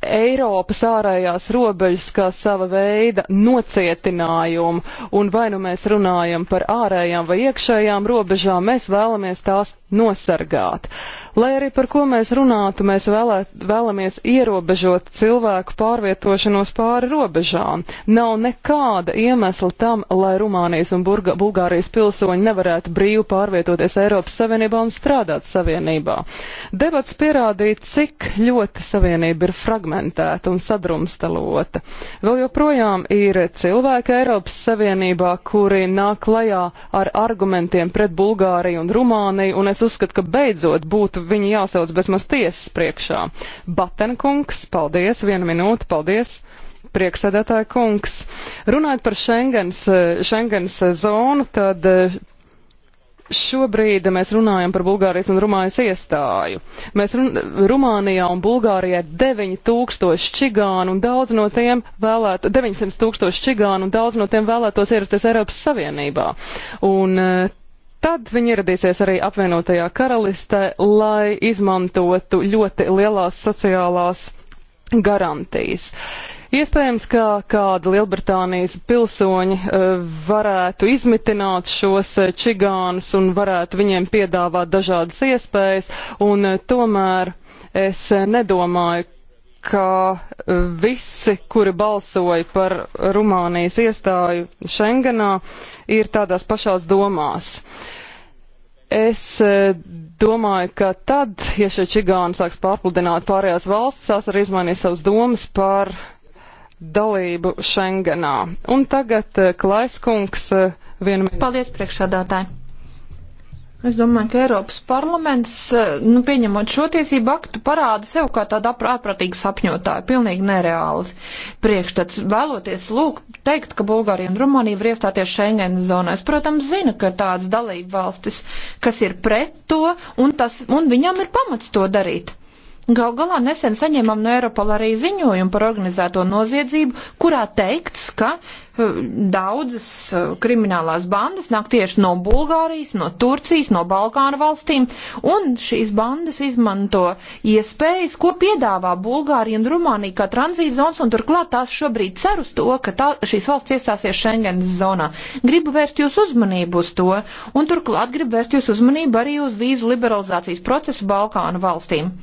Eiropas ārējās robežas kā sava veida nocietinājumu, un vai nu mēs runājam par ārējām vai iekšējām robežām, mēs vēlamies tās nosargāt. Lai arī par ko mēs runātu, mēs vēlē, vēlamies ierobežot cilvēku pārvietošanos pāri robežām. Nav nekāda iemesla tam, lai Rumānijas un Burga, Bulgārijas pilsoņi nevarētu brīvi pārvietoties Eiropas Savienībā un strādāt Savienībā. Debats pierādīja, cik ļoti Savienība ir fragmentēta un sadrumstalota. Vēl joprojām ir cilvēki Eiropas Savienībā, kuri nāk klajā ar argumentiem pret Bulgāriju un Rumāniju, un es uzskatu, ka beidzot būtu viņi jāsauc bezmaz tiesas priekšā. Batenkungs, paldies, viena minūte, paldies. Prieksēdētāja kungs, runājot par Schengens, eh, Schengens eh, zonu, tad eh, šobrīd mēs runājam par Bulgārijas un Rumānijas iestāju. Mēs run Rumānijā un Bulgārijā 9000 čigānu un daudz no tiem vēlētu, 900 tūkstoši čigānu un daudz no tiem vēlētos ierasties Eiropas Savienībā. Un Tad viņi ieradīsies arī apvienotajā karalistē, lai izmantotu ļoti lielās sociālās garantijas. Iespējams, ka kāda Lielbritānijas pilsoņi eh, varētu izmitināt šos eh, čigānus un varētu viņiem piedāvāt dažādas iespējas, un eh, tomēr es nedomāju, ka visi, kuri balsoja par Rumānijas iestāju Schengenā, ir tādās pašās domās. Uh, es e, domāju, ka tad, ja šie čigāni sāks pārpludināt pārējās valsts, tās arī izmainīs savas domas par dalību Schengenā. Un tagad e, Klaiskungs e, vienu minūti. Paldies, priekšādātāji! Es domāju, ka Eiropas parlaments, eh, nu, pieņemot šo tiesību aktu, parāda sev kā tādu ārprātīgu sapņotāju, pilnīgi nereāls priekšstats, vēloties lūk, teikt, ka Bulgārija un Rumānija var iestāties Schengen zonā. Es, protams, zinu, ka ir tādas dalība valstis, kas ir pret to, un, tas, un viņam ir pamats to darīt. Gal galā nesen saņēmām no Eiropola arī ziņojumu par organizēto noziedzību, kurā teikts, ka eh, daudzas eh, kriminālās bandas nāk tieši no Bulgārijas, no Turcijas, no Balkānu valstīm, un šīs bandas izmanto iespējas, ko piedāvā Bulgārija un Rumānija kā tranzītzonas, un turklāt tās šobrīd cer uz to, ka tā, šīs valsts iestāsies Schengens zonā. Gribu vērst jūs uzmanību uz to, un turklāt gribu vērst jūs uzmanību arī uz vīzu liberalizācijas procesu Balkānu valstīm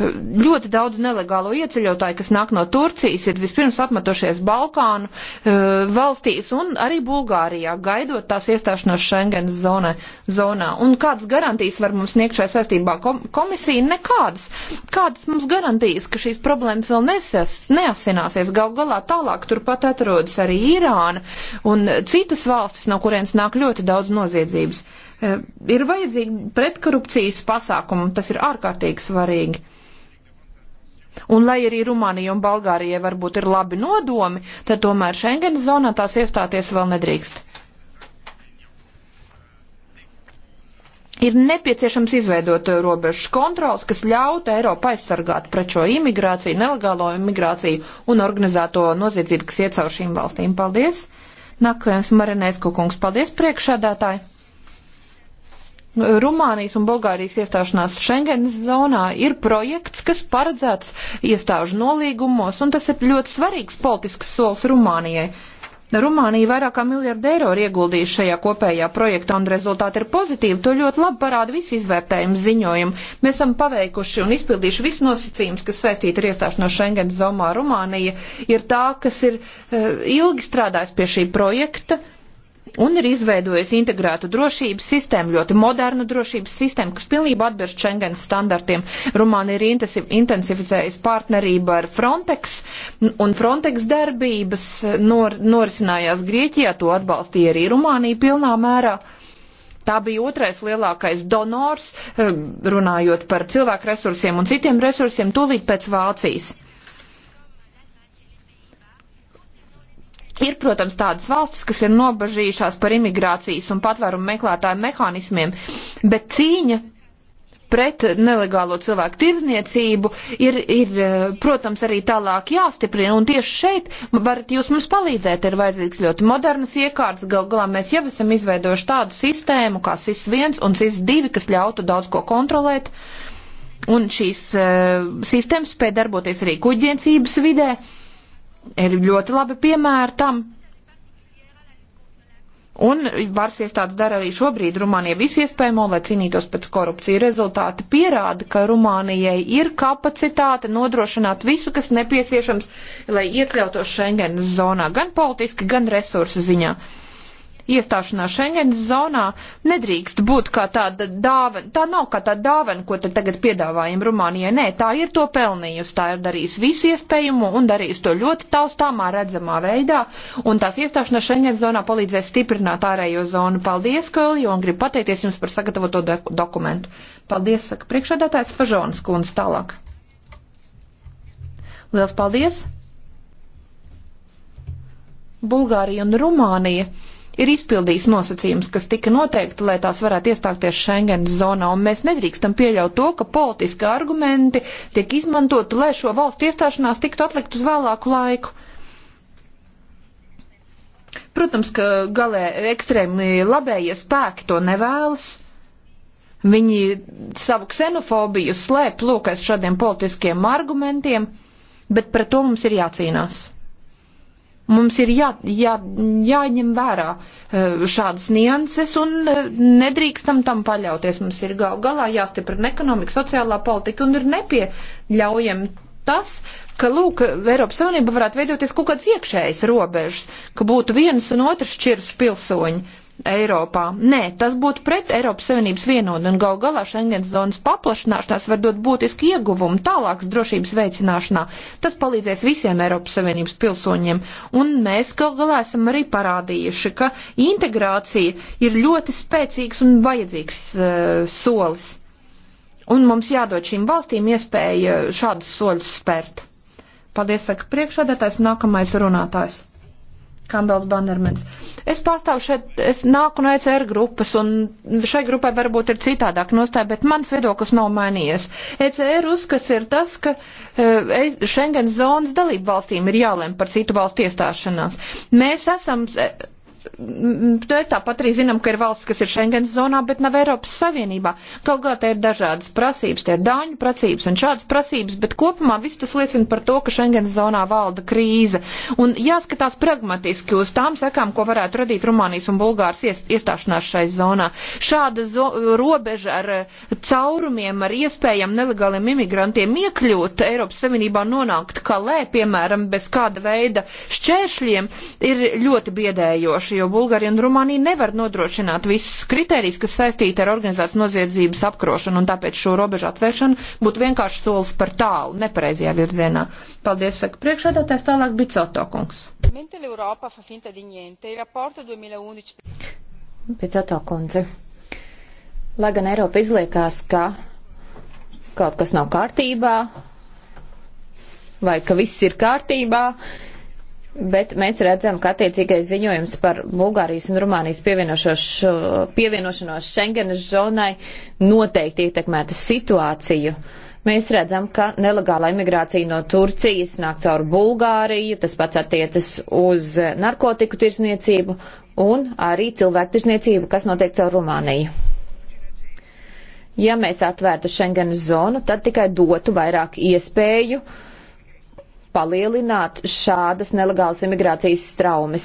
ļoti daudz nelegālo ieceļotāju, kas nāk no Turcijas, ir vispirms apmetošies Balkānu eh, valstīs un arī Bulgārijā, gaidot tās iestāšanos Schengens zonē, zonā. Un kādas garantijas var mums sniegt šajā saistībā komisija? Nekādas. Kādas mums garantijas, ka šīs problēmas vēl nesas, neasināsies? Gal galā tālāk turpat atrodas arī Irāna un citas valstis, no kurienes nāk ļoti daudz noziedzības. Eh, ir vajadzīgi pretkorupcijas pasākumu, tas ir ārkārtīgi svarīgi Un lai arī Rumānija un Bulgārija varbūt ir labi nodomi, tad tomēr Schengen zonā tās iestāties vēl nedrīkst. Ir nepieciešams izveidot eh, robežu kontrols, kas ļautu Eiropu aizsargāt pret šo imigrāciju, nelegālo imigrāciju un organizēto noziedzību, kas iet caur šīm valstīm. Paldies! Nākamais Marinēsku kungs, paldies priekšādātāji! Rumānijas un Bulgārijas iestāšanās Schengenas zonā ir projekts, kas paredzēts iestāžu nolīgumos, un tas ir ļoti svarīgs politisks solis Rumānijai. Rumānija vairāk kā miljardu eiro ir ieguldījusi šajā kopējā projektā, un rezultāti ir pozitīvi. To ļoti labi parāda visi izvērtējumi ziņojumi. Mēs esam paveikuši un izpildījuši visu nosacījumus, kas saistīti ar iestāšanos Schengen zomā. Rumānija ir tā, kas ir uh, ilgi strādājis pie šī projekta, uh, un ir izveidojis integrētu drošības sistēmu, ļoti modernu drošības sistēmu, kas pilnībā atbilst Schengen standartiem. Rumānija ir intensificējusi partnerību ar Frontex, un Frontex darbības nor, norisinājās Grieķijā, to atbalstīja arī Rumānija pilnā mērā. Tā bija otrais lielākais donors, eh, runājot par cilvēku resursiem un citiem resursiem, tūlīt pēc Vācijas. Ir, protams, tādas valstis, kas ir nobažījušās par imigrācijas un patvērumu meklētāju mehānismiem, bet cīņa pret nelegālo cilvēku tirzniecību ir, ir, eh, protams, arī tālāk jāstiprina. Un tieši šeit varat jūs mums palīdzēt. Ir vajadzīgs ļoti modernas iekārtas. Gal galā mēs jau esam izveidojuši tādu sistēmu kā SIS-1 un SIS-2, kas ļautu daudz ko kontrolēt. Un šīs uh, sistēmas spēja darboties arī kuģniecības vidē. Uh, ir ļoti labi piemēri tam. Un varas iestādes dara arī šobrīd Rumānija visu iespējamo, lai cīnītos pēc korupciju. Rezultāti pierāda, ka Rumānijai ir kapacitāte nodrošināt visu, kas nepieciešams, lai iekļautos Schengenas zonā, gan politiski, gan resursu ziņā. Uh, Iestāšanās Schengens zonā nedrīkst būt kā tāda dāvana, tā nav kā tāda dāvana, ko te tagad piedāvājam Rumānijai. Nē, tā ir to pelnījusi, tā ir darījusi visu iespējamo un darījusi to ļoti taustāmā redzamā veidā, un tās iestāšanās Schengens zonā palīdzēs stiprināt ārējo zonu. Paldies, Kalju, un gribu pateikties jums par sagatavoto do dokumentu. Paldies, saka priekšādātājs Fažonas kundze tālāk. Liels paldies! Bulgārija un Rumānija ir izpildījis nosacījums, kas tika noteikti, lai tās varētu iestāties Schengen zonā, un mēs nedrīkstam pieļaut to, ka politiski argumenti tiek izmantoti, lai šo valstu iestāšanās tiktu atlikt uz vēlāku laiku. Protams, ka galē ekstrēmi labējie spēki to nevēlas. Viņi savu ksenofobiju slēp lūk aiz šādiem politiskiem argumentiem, bet pret to mums ir jācīnās. Mums ir jā, jā, jāņem vērā eh, šādas nianses un eh, nedrīkstam tam paļauties. Mums ir gal galā jāstiprina ekonomika, sociālā politika un ir nepieļaujam tas, ka, lūk, Eiropas Savienība varētu veidoties kaut kāds iekšējs robežs, ka būtu viens un otrs šķirs pilsoņi. Eiropā. Nē, tas būtu pret Eiropas Savienības vienotu un gal galā Schengens zonas paplašināšanās var dot būtiski ieguvumu tālākas drošības veicināšanā. Tas palīdzēs visiem Eiropas Savienības pilsoņiem. Un mēs gal galā esam arī parādījuši, ka integrācija ir ļoti spēcīgs un vajadzīgs uh, solis. Un mums jādod šīm valstīm iespēja šādus soļus spērt. Paldies, saka priekšādātājs, nākamais runātājs. Kambels Bannermans. Es pārstāvu šeit, es nāku no ECR grupas, un šai grupai varbūt ir citādāk nostāja, bet mans viedoklis nav mainījies. ECR uzskats ir tas, ka eh, e, Schengen zonas dalību valstīm ir jālēm par citu valstu iestāšanās. Mēs esam Mm, mm, mēs tāpat arī zinām, ka ir valsts, kas ir Schengens zonā, bet nav Eiropas Savienībā. Kaut kā te ir dažādas prasības, tie ir dāņu prasības un šādas prasības, bet kopumā viss tas liecina par to, ka Schengens zonā valda krīze. Un jāskatās pragmatiski uz tām sekām, ko varētu radīt Rumānijas un Bulgāras iest, iestāšanās šai zonā. Šāda zo robeža ar eh, caurumiem, ar iespējām nelegāliem imigrantiem iekļūt Eiropas Savienībā nonākt kalē, piemēram, bez kāda veida šķēršļiem, ir ļoti biedējoši vienkārši, jo Bulgārija un Rumānija nevar nodrošināt visus kriterijus, kas saistīti ar organizētas noziedzības apkrošanu, un tāpēc šo robežu atvēršanu būtu vienkārši solis par tālu, nepareizajā virzienā. Paldies, saka priekšādātājs, tālāk Bicoto kungs. Bicoto kundze. Lai gan Eiropa izliekās, ka kaut kas nav kārtībā, vai ka viss ir kārtībā, bet mēs redzam, ka attiecīgais ziņojums par Bulgārijas un Rumānijas pievienošanos Schengenas zonai noteikti ietekmētu situāciju. Mēs redzam, ka nelegāla imigrācija no Turcijas nāk caur Bulgāriju, tas pats attiecas uz narkotiku tirsniecību un arī cilvēku tirsniecību, kas notiek caur Rumāniju. Ja mēs atvērtu Schengenas zonu, tad tikai dotu vairāk iespēju uh, palielināt šādas nelegālas imigrācijas traumas.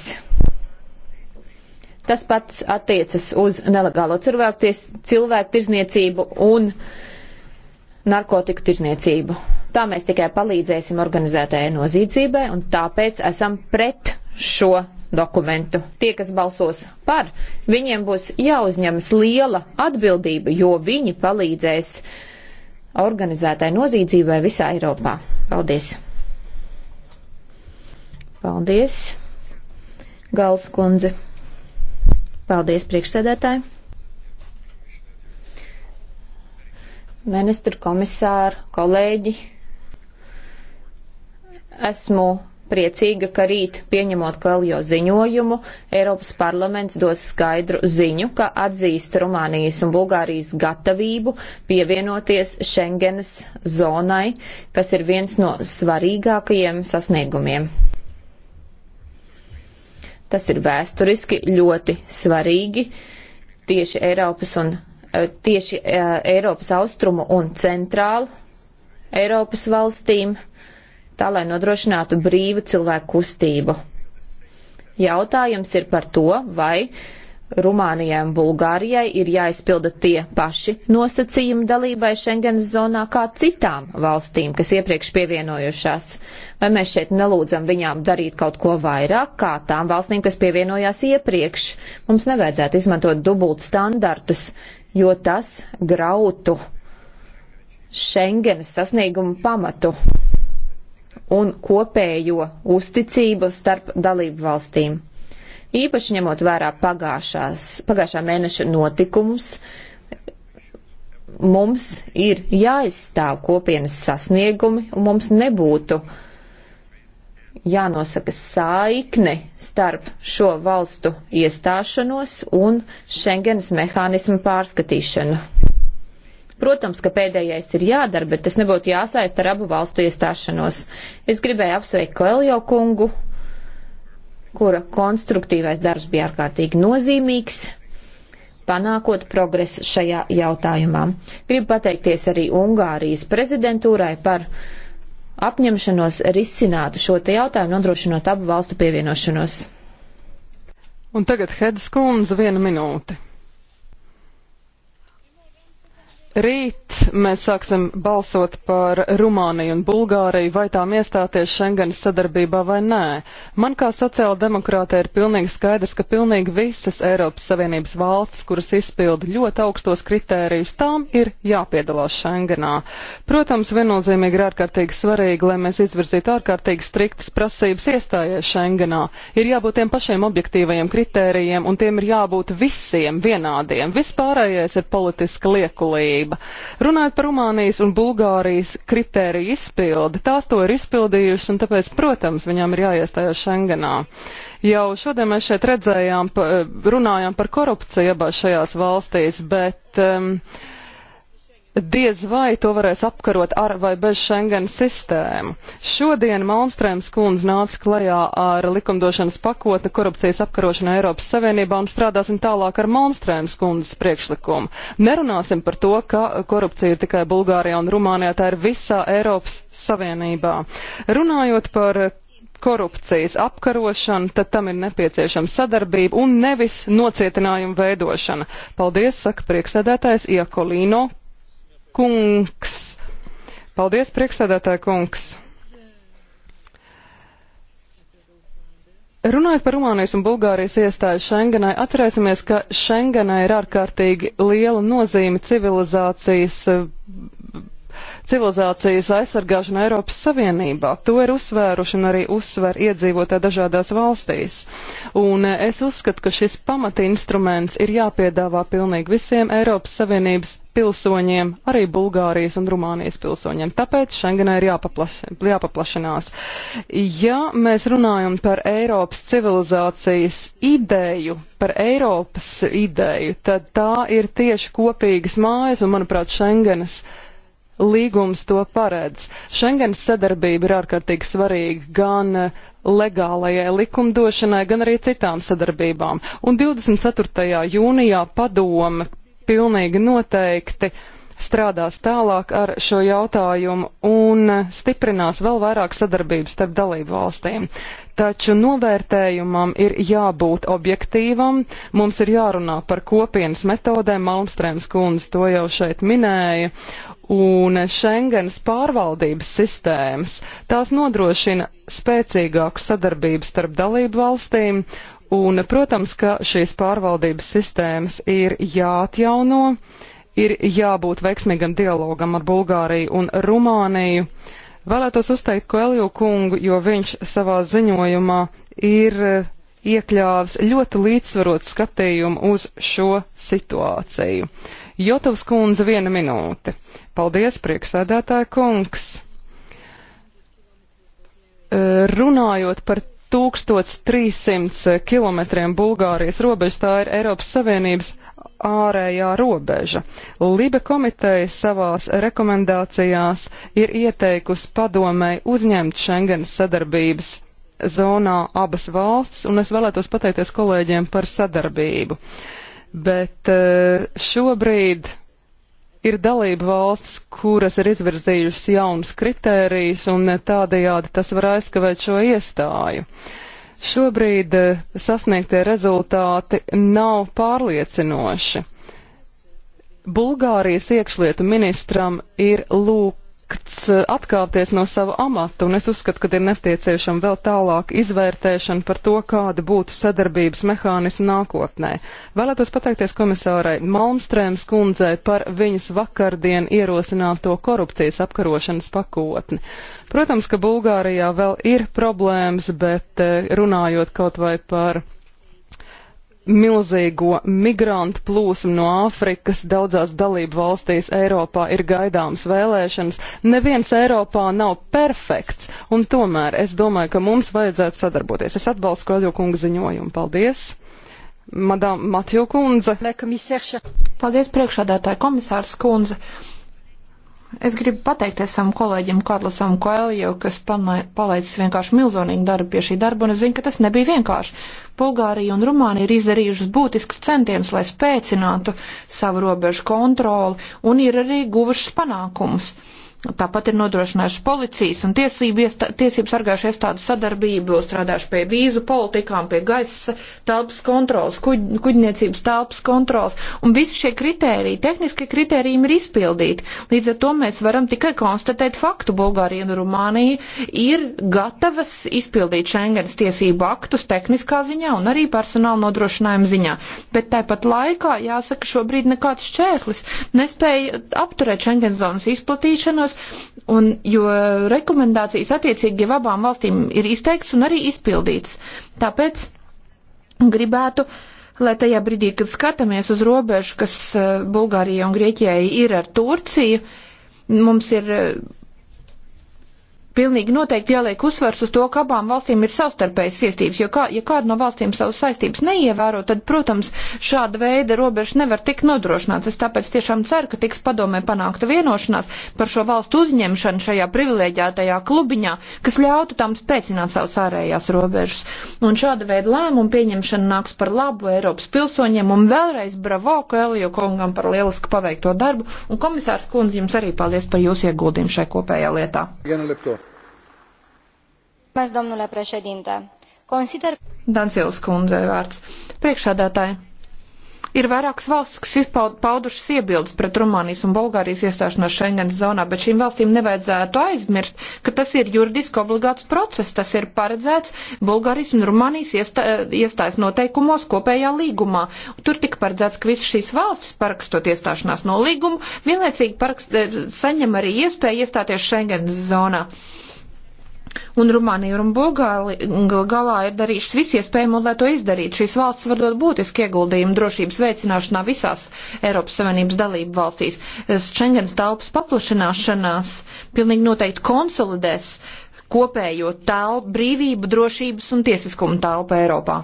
Tas pats attiecas uz nelegālo cilvēku tirzniecību un narkotiku tirzniecību. Tā mēs tikai palīdzēsim organizētajai nozīdzībai un tāpēc esam pret šo dokumentu. Tie, kas balsos par, viņiem būs jāuzņemas liela atbildība, jo viņi palīdzēs organizētai nozīdzībai visā Eiropā. Paldies! Paldies, Gals kundze. Paldies, priekšsēdētāji. Ministru komisāru, kolēģi. Esmu priecīga, ka rīt pieņemot Kaljo ziņojumu, Eiropas parlaments dos skaidru ziņu, ka atzīst Rumānijas un Bulgārijas gatavību pievienoties Schengenas zonai, kas ir viens no svarīgākajiem sasniegumiem Tas ir vēsturiski ļoti svarīgi tieši Eiropas un e, tieši e, Eiropas austrumu un centrālu Eiropas valstīm, tā lai nodrošinātu brīvu cilvēku kustību. Jautājums ir par to, vai uh, Rumānijai un Bulgārijai ir jāizpilda tie paši nosacījumi dalībai Schengenas zonā kā citām valstīm, kas iepriekš pievienojušās. Vai mēs šeit nelūdzam viņām darīt kaut ko vairāk kā tām valstīm, kas pievienojās iepriekš? Mums nevajadzētu izmantot dubult standartus, jo tas grautu Schengenas sasniegumu pamatu un kopējo uzticību starp dalību valstīm īpaši ņemot vērā pagājušās, pagājušā mēneša notikums, mums ir jāizstāv kopienas sasniegumi un mums nebūtu jānosaka saikne starp šo valstu iestāšanos un Schengenas mehānismu pārskatīšanu. Protams, ka pēdējais ir jādara, bet tas nebūtu jāsaist ar abu valstu iestāšanos. Es gribēju apsveikt Koeljo kungu kura konstruktīvais darbs bija ārkārtīgi nozīmīgs, panākot progresu šajā jautājumā. Gribu pateikties arī Ungārijas prezidentūrai par apņemšanos risināt šo te jautājumu, nodrošinot abu valstu pievienošanos. Un tagad Hedas kundze viena minūte. Rīt mēs sāksim balsot par Rumāniju un Bulgāriju, vai tām iestāties Schengenas sadarbībā vai nē. Man kā sociāldemokrātē ir pilnīgi skaidrs, ka pilnīgi visas Eiropas Savienības valstis, kuras izpilda ļoti augstos kritērijus, tām ir jāpiedalās Schengenā. Protams, viennozīmīgi ir ārkārtīgi svarīgi, lai mēs izvirzītu ārkārtīgi striktas prasības iestājies Schengenā. Ir jābūt tiem pašiem objektīvajiem kritērijiem, un tiem ir jābūt visiem vienādiem. Vispārējais ir politiska liekulība Savienība. Runājot par Rumānijas un Bulgārijas kritēriju izpildi, tās to ir izpildījušas, un tāpēc, protams, viņām ir jāiestājas Schengenā. Jau šodien mēs šeit redzējām, runājām par korupciju abās šajās valstīs, bet. Um, diez vai to varēs apkarot ar vai bez Schengen sistēmu. Šodien Malmstrēms kundze nāca klajā ar likumdošanas pakotni korupcijas apkarošana Eiropas Savienībā un strādāsim tālāk ar Malmstrēms kundzes priekšlikumu. Nerunāsim par to, ka korupcija ir tikai Bulgārijā un Rumānijā, tā ir visā Eiropas Savienībā. Runājot par korupcijas apkarošanu, tad tam ir nepieciešama sadarbība un nevis nocietinājuma veidošana. Paldies, saka priekšsēdētājs Iakolīno kungs. Paldies, priekšsēdētāja kungs. Runājot par Rumānijas un Bulgārijas iestāju Schengenai, atcerēsimies, ka Schengenai ir ārkārtīgi liela nozīme civilizācijas civilizācijas aizsargāšanu Eiropas Savienībā. To ir uzsvēruši un arī uzsver iedzīvotā dažādās valstīs. Un eh, es uzskatu, ka šis pamatinstruments ir jāpiedāvā pilnīgi visiem Eiropas Savienības pilsoņiem, arī Bulgārijas un Rumānijas pilsoņiem. Tāpēc Schengenai ir jāpaplaš, jāpaplašinās. Ja mēs runājam par Eiropas civilizācijas ideju, par Eiropas ideju, tad tā ir tieši kopīgas mājas un, manuprāt, Schengenas uh, Līgums to paredz. Šengens sadarbība ir ārkārtīgi svarīga gan eh, legālajai likumdošanai, gan arī citām sadarbībām. Un 24. jūnijā padome pilnīgi noteikti strādās tālāk ar šo jautājumu un eh, stiprinās vēl vairāk sadarbības starp dalību valstīm. Taču novērtējumam ir jābūt objektīvam, mums ir jārunā par kopienas metodēm, Malmstrēms kundze to jau šeit minēja, un Schengenas pārvaldības sistēmas. Tās nodrošina spēcīgāku sadarbību starp dalību valstīm, un, protams, ka šīs pārvaldības sistēmas ir jāatjauno, ir jābūt veiksmīgam dialogam ar Bulgāriju un Rumāniju. Vēlētos uzteikt Koelju kungu, jo viņš savā ziņojumā ir eh, iekļāvis ļoti līdzsvarot skatījumu uz šo situāciju. Uh, Jotovs kundze viena minūte. Paldies, prieksēdētāja kungs. E, runājot par 1300 km Bulgārijas robežu, tā ir Eiropas Savienības ārējā robeža. Libe komiteja savās rekomendācijās ir ieteikusi padomēji uzņemt Schengenas sadarbības zonā abas valsts, un es vēlētos pateikties kolēģiem par sadarbību. Uh, bet eh, šobrīd ir dalība valsts, kuras ir izvirzījušas jaunas kritērijas, un eh, tādējādi tas var aizskavēt šo iestāju. Šobrīd eh, sasniegtie rezultāti nav pārliecinoši. Bulgārijas iekšlietu ministram ir lūk liekts eh, atkāpties no sava amata, un es uzskatu, ka ir nepieciešama vēl tālāk izvērtēšana par to, kāda būtu sadarbības mehānismi nākotnē. Vēlētos pateikties komisārai Malmstrēms kundzei par viņas vakardien ierosināto korupcijas apkarošanas pakotni. Protams, ka Bulgārijā vēl ir problēmas, bet eh, runājot kaut vai par milzīgo migrantu plūsmu no Āfrikas, daudzās dalību valstīs Eiropā ir gaidāmas vēlēšanas. Neviens Eiropā nav perfekts, un tomēr es domāju, ka mums vajadzētu sadarboties. Es atbalstu Koļo kunga ziņojumu. Paldies! Madam Matjo kundze. Paldies priekšādātāja komisārs kundze. Es gribu pateikt esam kolēģim Karlasam Koeljo, kas palaicis vienkārši milzonīgu darbu pie šī darba, un es zinu, ka tas nebija vienkārši. Bulgārija un Rumānija ir izdarījušas būtiskus centienus, lai spēcinātu savu robežu kontroli, un ir arī guvušas panākumus. Uh, Tāpat ir nodrošinājuši policijas un tiesību, iestā, tiesību sargājuši iestādu sadarbību, strādājuši pie vīzu politikām, pie gaisa telpas kontrolas, kuģ, kuģniecības telpas kontrolas. Un visi šie kritēriji, tehniskie kritēriji ir izpildīti. Līdz ar to mēs varam tikai konstatēt faktu. Bulgārija un Rumānija ir gatavas izpildīt Schengens tiesību aktus tehniskā ziņā un arī personāla nodrošinājuma ziņā. Bet tāpat laikā, jāsaka, šobrīd nekāds šķērslis nespēja apturēt Schengens zonas izplatīšanos ietvaros, un, jo rekomendācijas attiecīgi jau abām valstīm ir izteikts un arī izpildīts. Tāpēc gribētu lai tajā brīdī, kad skatāmies uz robežu, kas eh, Bulgārijai un Grieķijai ir ar Turciju, mums ir Pilnīgi noteikti jāliek uzsvers uz to, ka abām valstīm ir savstarpējas iestības, jo kā, ja kāda no valstīm savas saistības neievēro, tad, protams, šāda veida robežas nevar tikt nodrošināts. Es tāpēc tiešām ceru, ka tiks padomē panākta vienošanās par šo valstu uzņemšanu šajā privileģētajā klubiņā, kas ļautu tam spēcināt savus ārējās robežas. Un šāda veida lēmumu pieņemšana nāks par labu Eiropas pilsoņiem un vēlreiz bravo Koelio kungam par lielisku paveikto darbu. Un komisārs kundze, jums arī paldies par jūsu ieguldījumu šai kopējā lietā. Gana Lepko. Consider... Dancils kundzei vārds. Priekšādātāji, ir vairākas valsts, kas izpaudušas iebildes pret Rumānijas un Bulgārijas iestāšanos Schengens zonā, bet šīm valstīm nevajadzētu aizmirst, ka tas ir juridiski obligāts process, tas ir paredzēts Bulgārijas un Rumānijas iestā, iestājas noteikumos kopējā līgumā. Tur tika paredzēts, ka visas šīs valstis parakstot iestāšanās no līgumu, vienlaicīgi parakst, eh, saņem arī iespēju iestāties Schengens zonā. Uh, Un Rumānija un Bulgārija galā ir darījuši visu iespējamo, lai to izdarītu. Šīs valsts var dot būtiski ieguldījumu drošības veicināšanā visās Eiropas Savienības dalību valstīs. Schengens telpas paplašināšanās pilnīgi noteikti konsolidēs kopējo telpu brīvību, drošības un tiesiskumu telpu Eiropā.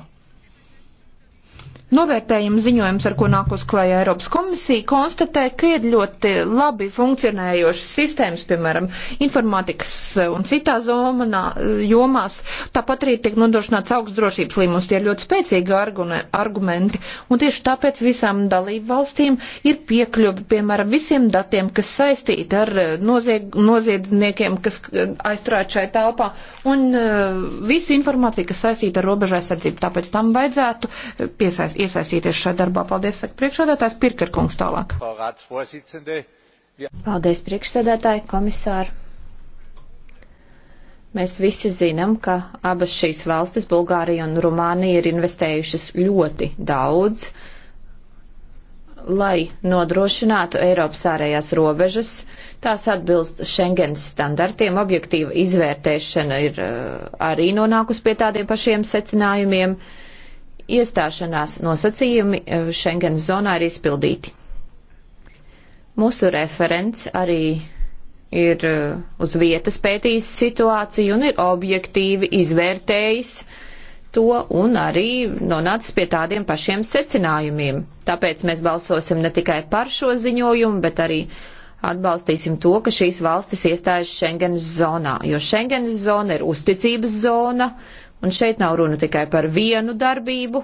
Novērtējuma ziņojums, ar ko nāk uz klājā Eiropas komisija, konstatē, ka ir ļoti labi funkcionējošas sistēmas, piemēram, informātikas un citās zomanā, eh, jomās. Tāpat arī tiek nodrošināts augsts drošības līmenis, tie ir ļoti spēcīgi argumenti. Un tieši tāpēc visām dalību valstīm ir piekļuvi, piemēram, visiem datiem, kas saistīti ar eh, nozieg, noziedzniekiem, kas eh, aizturēt šai telpā, un visu informāciju, kas saistīta ar robežu aizsardzību. Tāpēc tam vajadzētu piesaistīt iesaistīties šajā darbā. Paldies, saka priekšsēdētājs Pirkerkungs tālāk. Paldies, priekšsēdētāji, komisāri. Mēs visi zinām, ka abas šīs valstis, Bulgārija un Rumānija, ir investējušas ļoti daudz, lai nodrošinātu Eiropas ārējās robežas. Tās atbilst Schengens standartiem. Objektīva izvērtēšana ir eh, arī nonākusi pie tādiem pašiem secinājumiem. Uh, iestāšanās nosacījumi e, Schengens zonā ir izpildīti. Mūsu referents arī ir e, uz vietas pētījis situāciju un ir objektīvi izvērtējis to un arī nonācis pie tādiem pašiem secinājumiem. Tāpēc mēs balsosim ne tikai par šo ziņojumu, bet arī atbalstīsim to, ka šīs valstis iestājas Schengenas zonā, jo Schengenas zona ir uzticības zona, uh, Un šeit nav runa tikai par vienu darbību.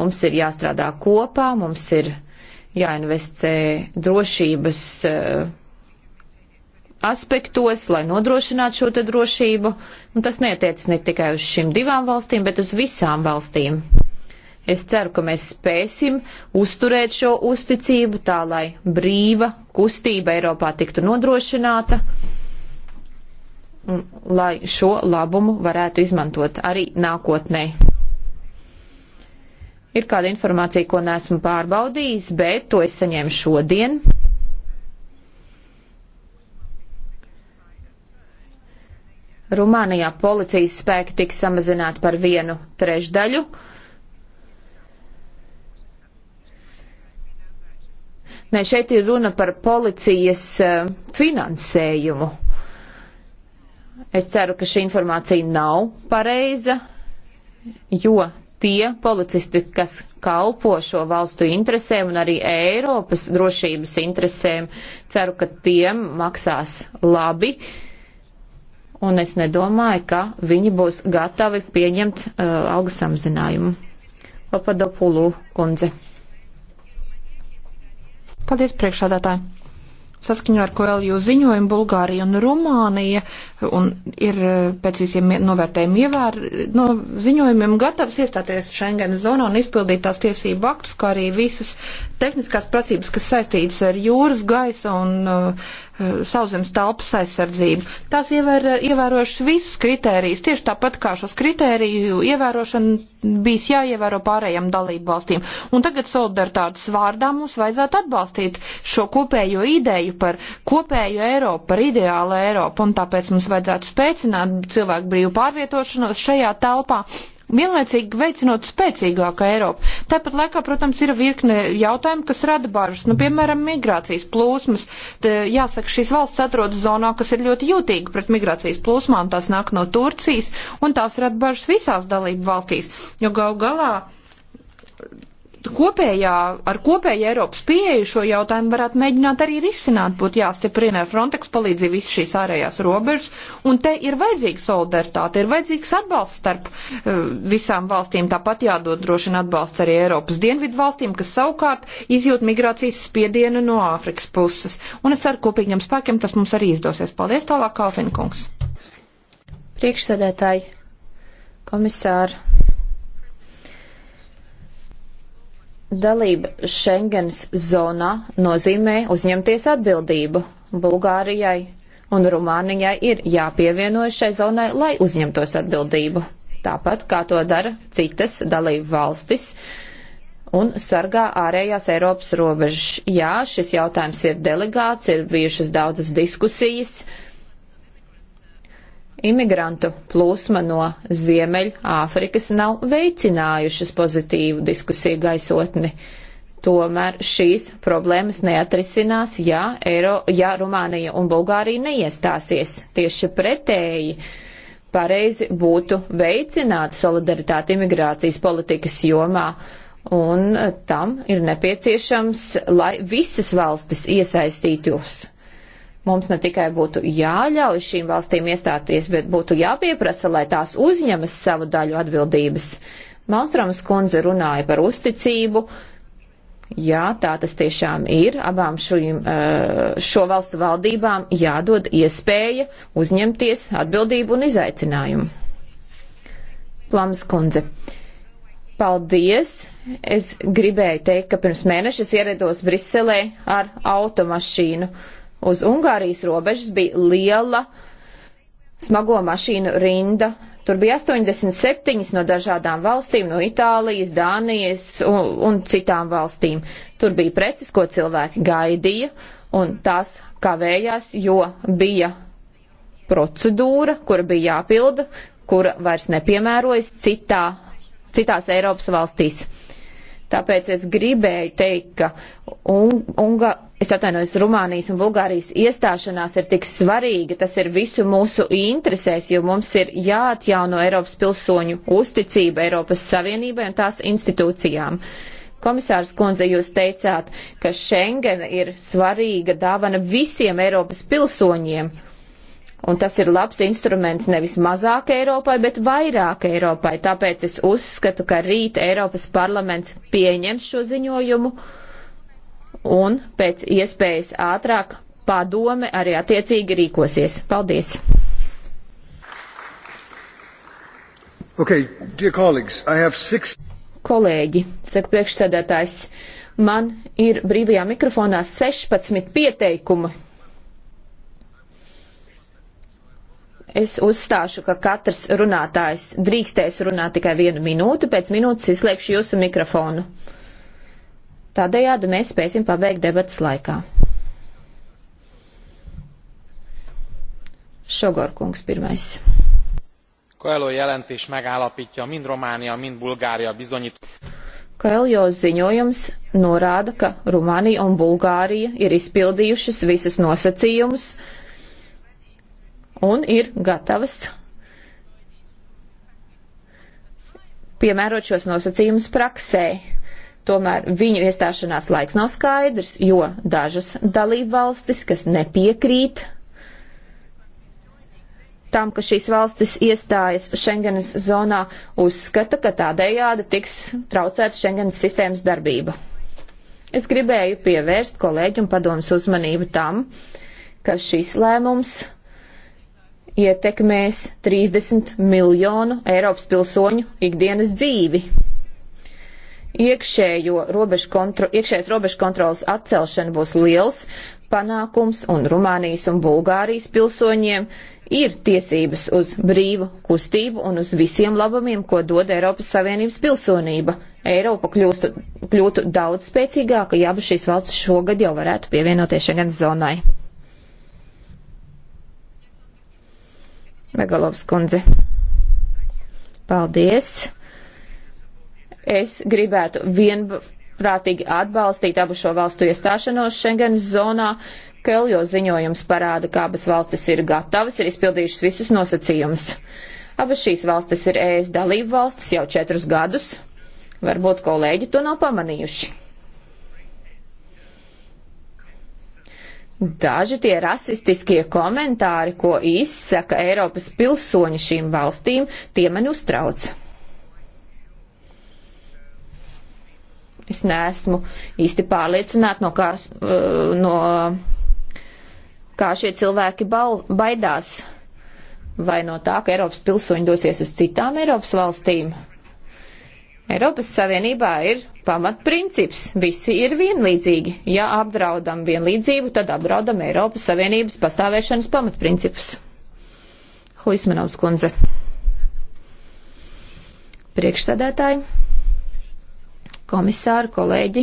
Mums ir jāstrādā kopā, mums ir jāinvestē drošības eh, aspektos, lai nodrošinātu šo drošību. Un tas netiec ne tikai uz šīm divām valstīm, bet uz visām valstīm. Es ceru, ka mēs spēsim uzturēt šo uzticību tā, lai brīva kustība Eiropā tiktu nodrošināta lai šo labumu varētu izmantot arī nākotnē. Ir kāda informācija, ko neesmu pārbaudījis, bet to es saņēmu šodien. Rumānijā policijas spēki tika samazināti par vienu trešdaļu. Nē, šeit ir runa par policijas eh, finansējumu. Es ceru, ka šī informācija nav pareiza, jo tie policisti, kas kalpo šo valstu interesēm un arī Eiropas drošības interesēm, ceru, ka tiem maksās labi. Un es nedomāju, ka viņi būs gatavi pieņemt uh, algas samazinājumu. Papadopulu kundze. Paldies priekšādātāji. Saskaņā ar Koelju ziņojumu Bulgārija un Rumānija un ir eh, pēc visiem novērtējumu ievēr, no ziņojumiem gatavs iestāties Schengen zonā un izpildīt tās tiesību aktus, kā arī visas tehniskās prasības, kas saistītas ar jūras, gaisa un uh, sauszemes telpas aizsardzību. Tās ievēr, ievērojušas visus kritērijus, tieši tāpat kā šos kritēriju ievērošana bijis jāievēro pārējām dalību valstīm. Un tagad solidaritātes vārdā mums vajadzētu atbalstīt šo kopējo ideju par kopējo Eiropu, par ideālu Eiropu, un tāpēc mums vajadzētu spēcināt cilvēku brīvu pārvietošanos šajā telpā vienlaicīgi veicinot spēcīgāku Eiropu. Tāpat laikā, protams, ir virkne jautājumu, kas rada bažas. Nu, piemēram, migrācijas plūsmas. Te, jāsaka, šīs valsts atrodas zonā, kas ir ļoti jūtīga pret migrācijas plūsmām. Tās nāk no Turcijas, un tās rada bažas visās dalību valstīs. Jo gal galā kopējā, ar kopēju Eiropas pieeju šo jautājumu varētu mēģināt arī risināt, būtu jāstiprina ar Frontex palīdzību visas šīs ārējās robežas, un te ir vajadzīga solidaritāte, ir vajadzīgs atbalsts starp uh, visām valstīm, tāpat jādod droši vien atbalsts arī Eiropas dienvidu valstīm, kas savukārt izjūt migrācijas spiedienu no Āfrikas puses, un es ceru kopīgiem spēkiem tas mums arī izdosies. Paldies tālāk, Kalfinkungs. Priekšsēdētāji, komisāri, Dalība Schengens zonā nozīmē uzņemties atbildību. Bulgārijai un Rumānijai ir jāpievienojas šai zonai, lai uzņemtos atbildību. Tāpat kā to dara citas dalību valstis un sargā ārējās Eiropas robežas. Jā, šis jautājums ir delegāts, ir bijušas daudzas diskusijas. Uh, imigrantu plūsma no Ziemeļāfrikas nav veicinājušas pozitīvu diskusiju gaisotni. Tomēr šīs problēmas neatrisinās, ja, Eiro, ja Rumānija un Bulgārija neiestāsies. Tieši pretēji pareizi būtu veicināt solidaritāti imigrācijas politikas jomā, un tam ir nepieciešams, lai visas valstis iesaistītos Mums ne tikai būtu jāļauj šīm valstīm iestāties, bet būtu jāpieprasa, lai tās uzņemas savu daļu atbildības. Malstrāmas kundze runāja par uzticību. Jā, tā tas tiešām ir. Abām šim, šo valstu valdībām jādod iespēja uzņemties atbildību un izaicinājumu. Plams kundze. Paldies! Es gribēju teikt, ka pirms mēneša ierados Briselē ar automašīnu. Uh, uz Ungārijas robežas bija liela smago mašīnu rinda. Tur bija 87 no dažādām valstīm, no Itālijas, Dānijas un, un citām valstīm. Tur bija preces, ko cilvēki gaidīja, un tās kavējās, jo bija procedūra, kura bija jāpilda, kura vairs nepiemērojas citā, citās Eiropas valstīs. Tāpēc es gribēju teikt, ka un, unga, es atvainojos, Rumānijas un Bulgārijas iestāšanās ir tik svarīga, tas ir visu mūsu interesēs, jo mums ir jāatjauno Eiropas pilsoņu uzticība Eiropas Savienībai un tās institūcijām. Komisārs Konze, jūs teicāt, ka Schengen ir svarīga dāvana visiem Eiropas pilsoņiem. Un tas ir labs instruments nevis mazāk Eiropai, bet vairāk Eiropai. Tāpēc es uzskatu, ka rīt Eiropas parlaments pieņems šo ziņojumu un pēc iespējas ātrāk padome arī attiecīgi rīkosies. Paldies! Okay, six... Kolēģi, saka priekšsēdētājs, man ir brīvajā mikrofonā 16 pieteikumi. Es uzstāšu, ka katrs runātājs drīkstēs runāt tikai vienu minūti, pēc minūtes izslēgšu jūsu mikrofonu. Tādējādi mēs spēsim pabeigt debatas laikā. Sogor kungs pirmais. Coelho jelentés megállapítja, mind Románia, mind Bulgária bizonyít. Koeljo ziņojums norāda, ka Rumānija un Bulgārija ir izpildījušas visus nosacījumus un ir gatavas piemērot šos nosacījumus praksē. Tomēr viņu iestāšanās laiks nav skaidrs, jo dažas dalībvalstis, kas nepiekrīt tam, ka šīs valstis iestājas Schengenas zonā, uzskata, ka tādējādi tiks traucēta Schengenas sistēmas darbība. Es gribēju pievērst kolēģi un padomus uzmanību tam, ka šis lēmums ietekmēs 30 miljonu Eiropas pilsoņu ikdienas dzīvi iekšējo robežu kontro, iekšējas robežu kontrolas atcelšana būs liels panākums un Rumānijas un Bulgārijas pilsoņiem ir tiesības uz brīvu kustību un uz visiem labumiem, ko dod Eiropas Savienības pilsonība. Eiropa kļūstu, kļūtu daudz spēcīgāka, ja abas šīs valstis šogad jau varētu pievienoties Schengen zonai. Megalovs kundze. Paldies! Es gribētu vienprātīgi atbalstīt abu šo valstu iestāšanos Schengenas zonā. Keljo ziņojums parāda, ka abas valstis ir gatavas, ir izpildījušas visus nosacījumus. Abas šīs valstis ir ES dalību valstis jau četrus gadus. Varbūt kolēģi to nav pamanījuši. Daži tie rasistiskie komentāri, ko izsaka Eiropas pilsoņi šīm valstīm, tie man uztrauc. Es neesmu īsti pārliecināta, no kā, eh, no kā šie cilvēki bal, baidās. Vai no tā, ka Eiropas pilsoņi dosies uz citām Eiropas valstīm? Eiropas Savienībā ir pamatprincips. Visi ir vienlīdzīgi. Ja apdraudam vienlīdzību, tad apdraudam Eiropas Savienības pastāvēšanas pamatprincipus. Huismanovs kundze. Priekšsēdētāji komisāri, kolēģi.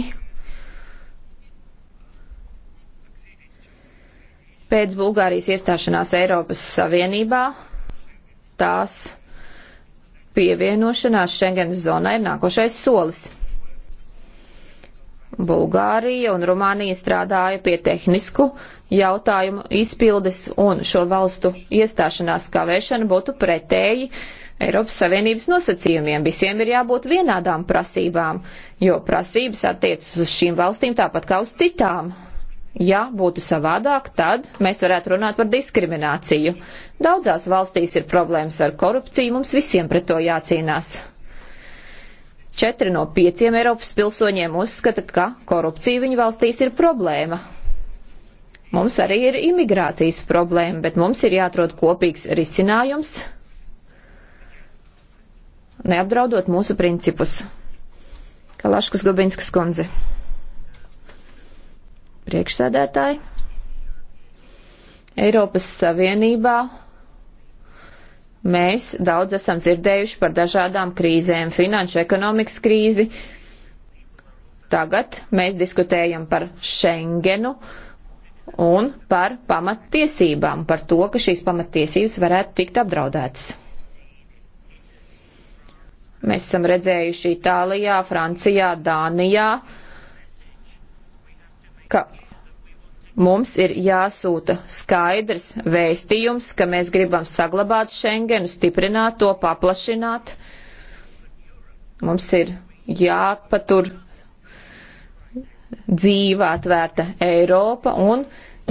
Pēc Bulgārijas iestāšanās Eiropas Savienībā tās pievienošanās Schengenas zonai ir nākošais solis. Bulgārija un Rumānija strādāja pie tehnisku jautājumu izpildes un šo valstu iestāšanās kavēšana būtu pretēji Eiropas Savienības nosacījumiem. Visiem ir jābūt vienādām prasībām, jo prasības attiecas uz šīm valstīm tāpat kā uz citām. Ja būtu savādāk, tad mēs varētu runāt par diskrimināciju. Daudzās valstīs ir problēmas ar korupciju, mums visiem pret to jācīnās. Četri no pieciem Eiropas pilsoņiem uzskata, ka korupcija viņu valstīs ir problēma, Mums arī ir imigrācijas problēma, bet mums ir jāatrod kopīgs risinājums, neapdraudot mūsu principus. Kalaškas Gobinskas kundze. Priekšsēdētāji. Eiropas Savienībā mēs daudz esam dzirdējuši par dažādām krīzēm - finanšu, ekonomikas krīzi. Tagad mēs diskutējam par Schengenu. Uh, un par pamattiesībām, par to, ka šīs pamattiesības varētu tikt apdraudētas. Mēs esam redzējuši Itālijā, Francijā, Dānijā, ka mums ir jāsūta skaidrs vēstījums, ka mēs gribam saglabāt Schengenu, stiprināt to, paplašināt. Mums ir jāpatur dzīva, atvērta Eiropa un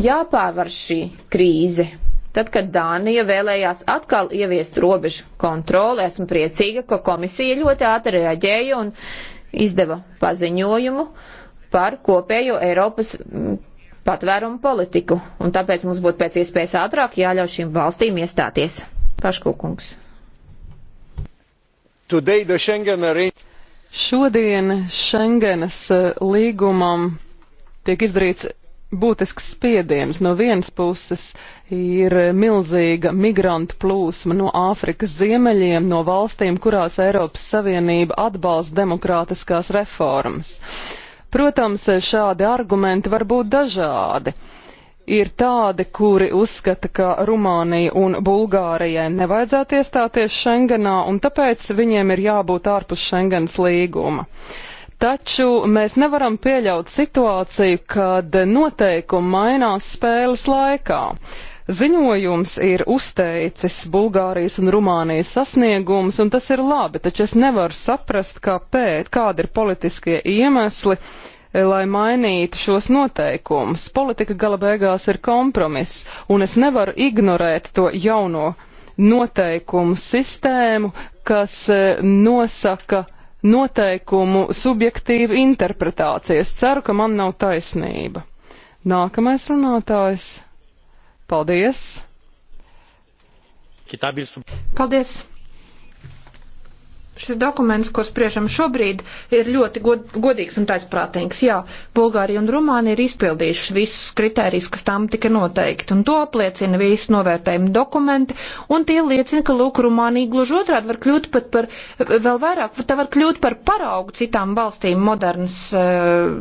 jāpārvar šī krīze. Tad, kad Dānija vēlējās atkal ieviest robežu kontroli, esmu priecīga, ka komisija ļoti ātri reaģēja un izdeva paziņojumu par kopējo Eiropas mm, patvērumu politiku. Un tāpēc mums būtu pēc iespējas ātrāk jāļauj šīm valstīm iestāties. Paškūkungs. Today the Schengen arrangement Šodien Schengenas eh, līgumam tiek izdarīts būtisks spiediens. No vienas puses ir milzīga migrantu plūsma no Āfrikas ziemeļiem, no valstīm, kurās Eiropas Savienība atbalsta demokrātiskās reformas. Protams, šādi argumenti var būt dažādi. Uh, ir tādi, kuri uzskata, ka Rumānija un Bulgārijai nevajadzētu iestāties Schengenā, un tāpēc viņiem ir jābūt ārpus Schengens līguma. Taču mēs nevaram pieļaut situāciju, kad noteikumi mainās spēles laikā. Ziņojums ir uzteicis Bulgārijas un Rumānijas sasniegums, un tas ir labi, taču es nevaru saprast, kāpēc, kādi ir politiskie iemesli, uh, lai mainītu šos noteikumus. Politika gala beigās ir kompromiss, un es nevaru ignorēt to jauno noteikumu sistēmu, kas e, nosaka noteikumu subjektīvu interpretāciju. Es ceru, ka man nav taisnība. Nākamais runātājs. Paldies! Paldies! Šis dokuments, ko spriežam šobrīd, ir ļoti god, godīgs un taisprātīgs. Jā, Bulgārija un Rumānija ir izpildījuši visus kritērijus, kas tam tika noteikti, un to apliecina visi novērtējumi dokumenti, un tie liecina, ka, lūk, Rumānija gluži otrādi var kļūt pat par, vēl vairāk, tā var kļūt par paraugu citām valstīm modernas uh,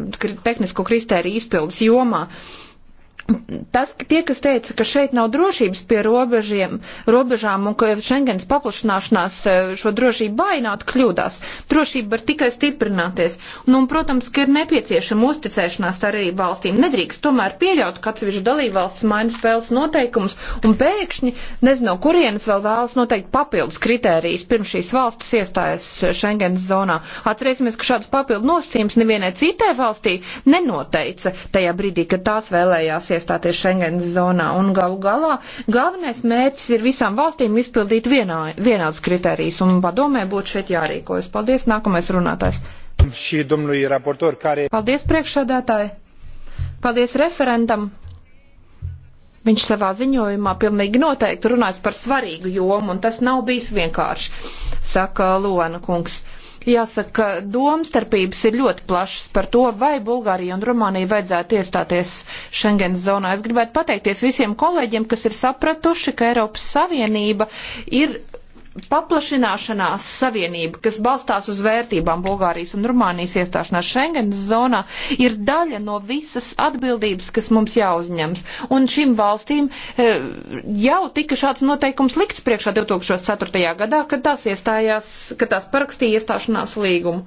tehnisko kritēriju izpildes jomā. Uh, Tas, tie, kas teica, ka šeit nav drošības pie robežiem, robežām un ka Schengens paplašanāšanās e, šo drošību vainātu, kļūdās. Drošība var tikai stiprināties. Nu, un, protams, ka ir nepieciešama uzticēšanās arī valstīm. Nedrīkst tomēr pieļaut, ka atsevišķi dalībvalsts maina spēles noteikumus un pēkšņi, nezinu, kurienes vēl vēlas noteikt papildus kritērijas pirms šīs valstis iestājas Schengens zonā. Atcerēsimies, ka šādas papildu nosacījums nevienai citai valstī nenoteica tajā brīdī, kad tās vēlējās iestāties Schengens zonā. Un galu galā galvenais mērķis ir visām valstīm izpildīt vienā, vienāds kriterijs. Un padomē būtu šeit jārīkojas. Paldies, nākamais runātājs. Paldies priekšsādātāji. Paldies referentam. Viņš savā ziņojumā pilnīgi noteikti runās par svarīgu jomu, un tas nav bijis vienkārši, saka Luana kungs. Jāsaka, domstarpības ir ļoti plašas par to, vai Bulgārija un Rumānija vajadzētu iestāties Schengens zonā. Es gribētu pateikties visiem kolēģiem, kas ir sapratuši, ka Eiropas Savienība ir paplašināšanās savienība, kas balstās uz vērtībām Bulgārijas un Rumānijas iestāšanās Schengenas zonā, ir daļa no visas atbildības, kas mums jāuzņems. Un šīm valstīm e, jau tika šāds noteikums likts priekšā 2004. gadā, kad tās iestājās, kad tās parakstīja iestāšanās līgumu.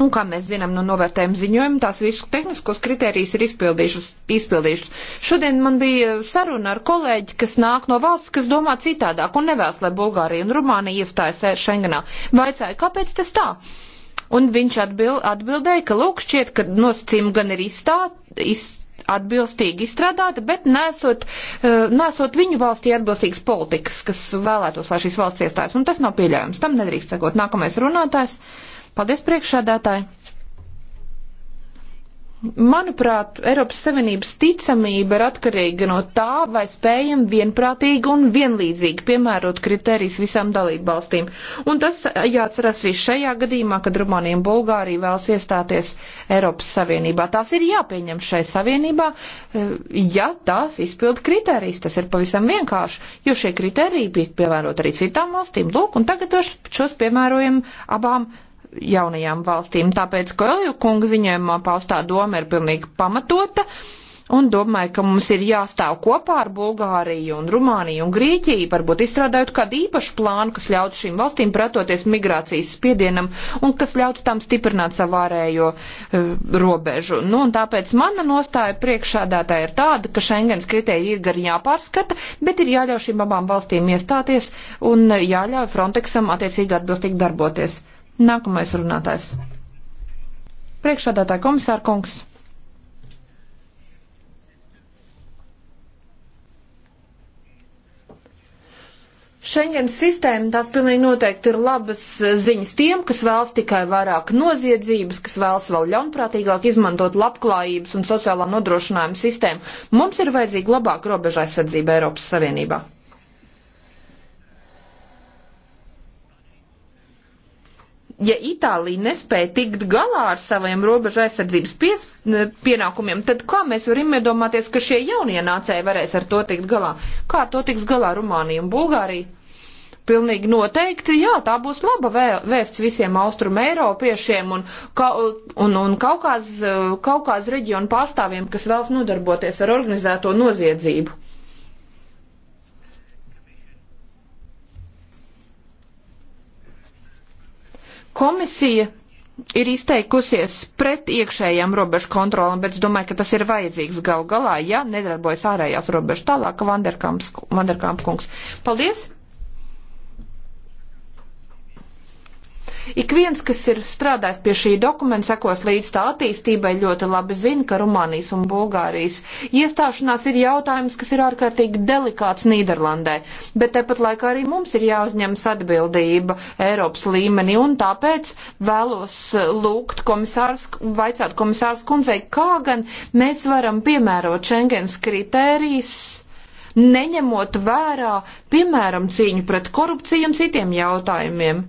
Un, kā mēs zinām no novērtējuma ziņojuma, tās visus tehniskos kritērijus ir izpildījušas. Šodien man bija saruna ar kolēģi, kas nāk no valsts, kas domā citādāk un nevēlas, lai Bulgārija un Rumānija iestājas Schengenā. Vaicāju, kāpēc tas tā? Un viņš atbild, atbildēja, ka lūk, šķiet, ka nosacījumi gan ir izstā, iz, atbilstīgi izstrādāti, bet nesot, eh, nesot viņu valstī atbilstīgas politikas, kas vēlētos, lai šīs valsts iestājas. Un tas nav pieļaujams. Tam nedrīkst sakot. Nākamais runātājs. Uh, Paldies, priekšādātāji! Manuprāt, Eiropas Savienības ticamība ir atkarīga no tā, vai spējam vienprātīgi un vienlīdzīgi piemērot kriterijus visām dalību valstīm. Un tas jāatcerās arī šajā gadījumā, kad Rumānija un Bulgārija vēlas iestāties Eiropas Savienībā. Tās ir jāpieņem šai Savienībā, eh, ja tās izpild kriterijus. Tas ir pavisam vienkārši, jo šie kriteriji bija piemērot arī citām valstīm. Lūk, un tagad šos piemērojam abām valstīm jaunajām valstīm. Tāpēc Koelju kunga ziņojumā paustā doma ir pilnīgi pamatota. Un domāju, ka mums ir jāstāv kopā ar Bulgāriju un Rumāniju un Grieķiju, varbūt izstrādājot kādu īpašu plānu, kas ļautu šīm valstīm pretoties migrācijas spiedienam un kas ļautu tam stiprināt savu ārējo uh, robežu. Nu, un tāpēc mana nostāja priekšādātā ir tāda, ka Schengens kritēji ir gar jāpārskata, bet ir jāļauj šīm abām valstīm iestāties un jāļauj Frontexam attiecīgi atbilstīgi darboties. Nākamais runātājs. Priekšādātāja komisāra kungs. Šengens sistēma tās pilnīgi noteikti ir labas ziņas tiem, kas vēlas tikai vairāk noziedzības, kas vēlas vēl ļaunprātīgāk izmantot labklājības un sociālā nodrošinājuma sistēmu. Mums ir vajadzīga labāka robeža aizsardzība Eiropas Savienībā. ja Itālija nespēja tikt galā ar saviem robežu aizsardzības pies, pienākumiem, tad kā mēs varam iedomāties, ka šie jaunienācēji varēs ar to tikt galā? Kā ar to tiks galā Rumānija un Bulgārija? Pilnīgi noteikti, jā, tā būs laba vēsts visiem austrumu eiropiešiem un, ka, un, un Kaukās, Kaukās reģionu pārstāvjiem, kas vēlas nodarboties ar organizēto noziedzību. Komisija ir izteikusies pret iekšējām robežu kontrolam, bet es domāju, ka tas ir vajadzīgs gal galā, ja nedarbojas ārējās robežas tālāk, Vanderkamps kungs. Paldies! Ik viens, kas ir strādājis pie šī dokumenta, sekos līdz tā attīstībai, ļoti labi zina, ka Rumānijas un Bulgārijas iestāšanās ir jautājums, kas ir ārkārtīgi delikāts Nīderlandē. Bet tepat laikā arī mums ir jāuzņemas atbildība Eiropas līmenī, un tāpēc vēlos eh, lūgt komisārs, vaicāt komisārs kundzei, kā gan mēs varam piemērot Schengens kritērijas neņemot vērā, piemēram, cīņu pret korupciju un citiem jautājumiem.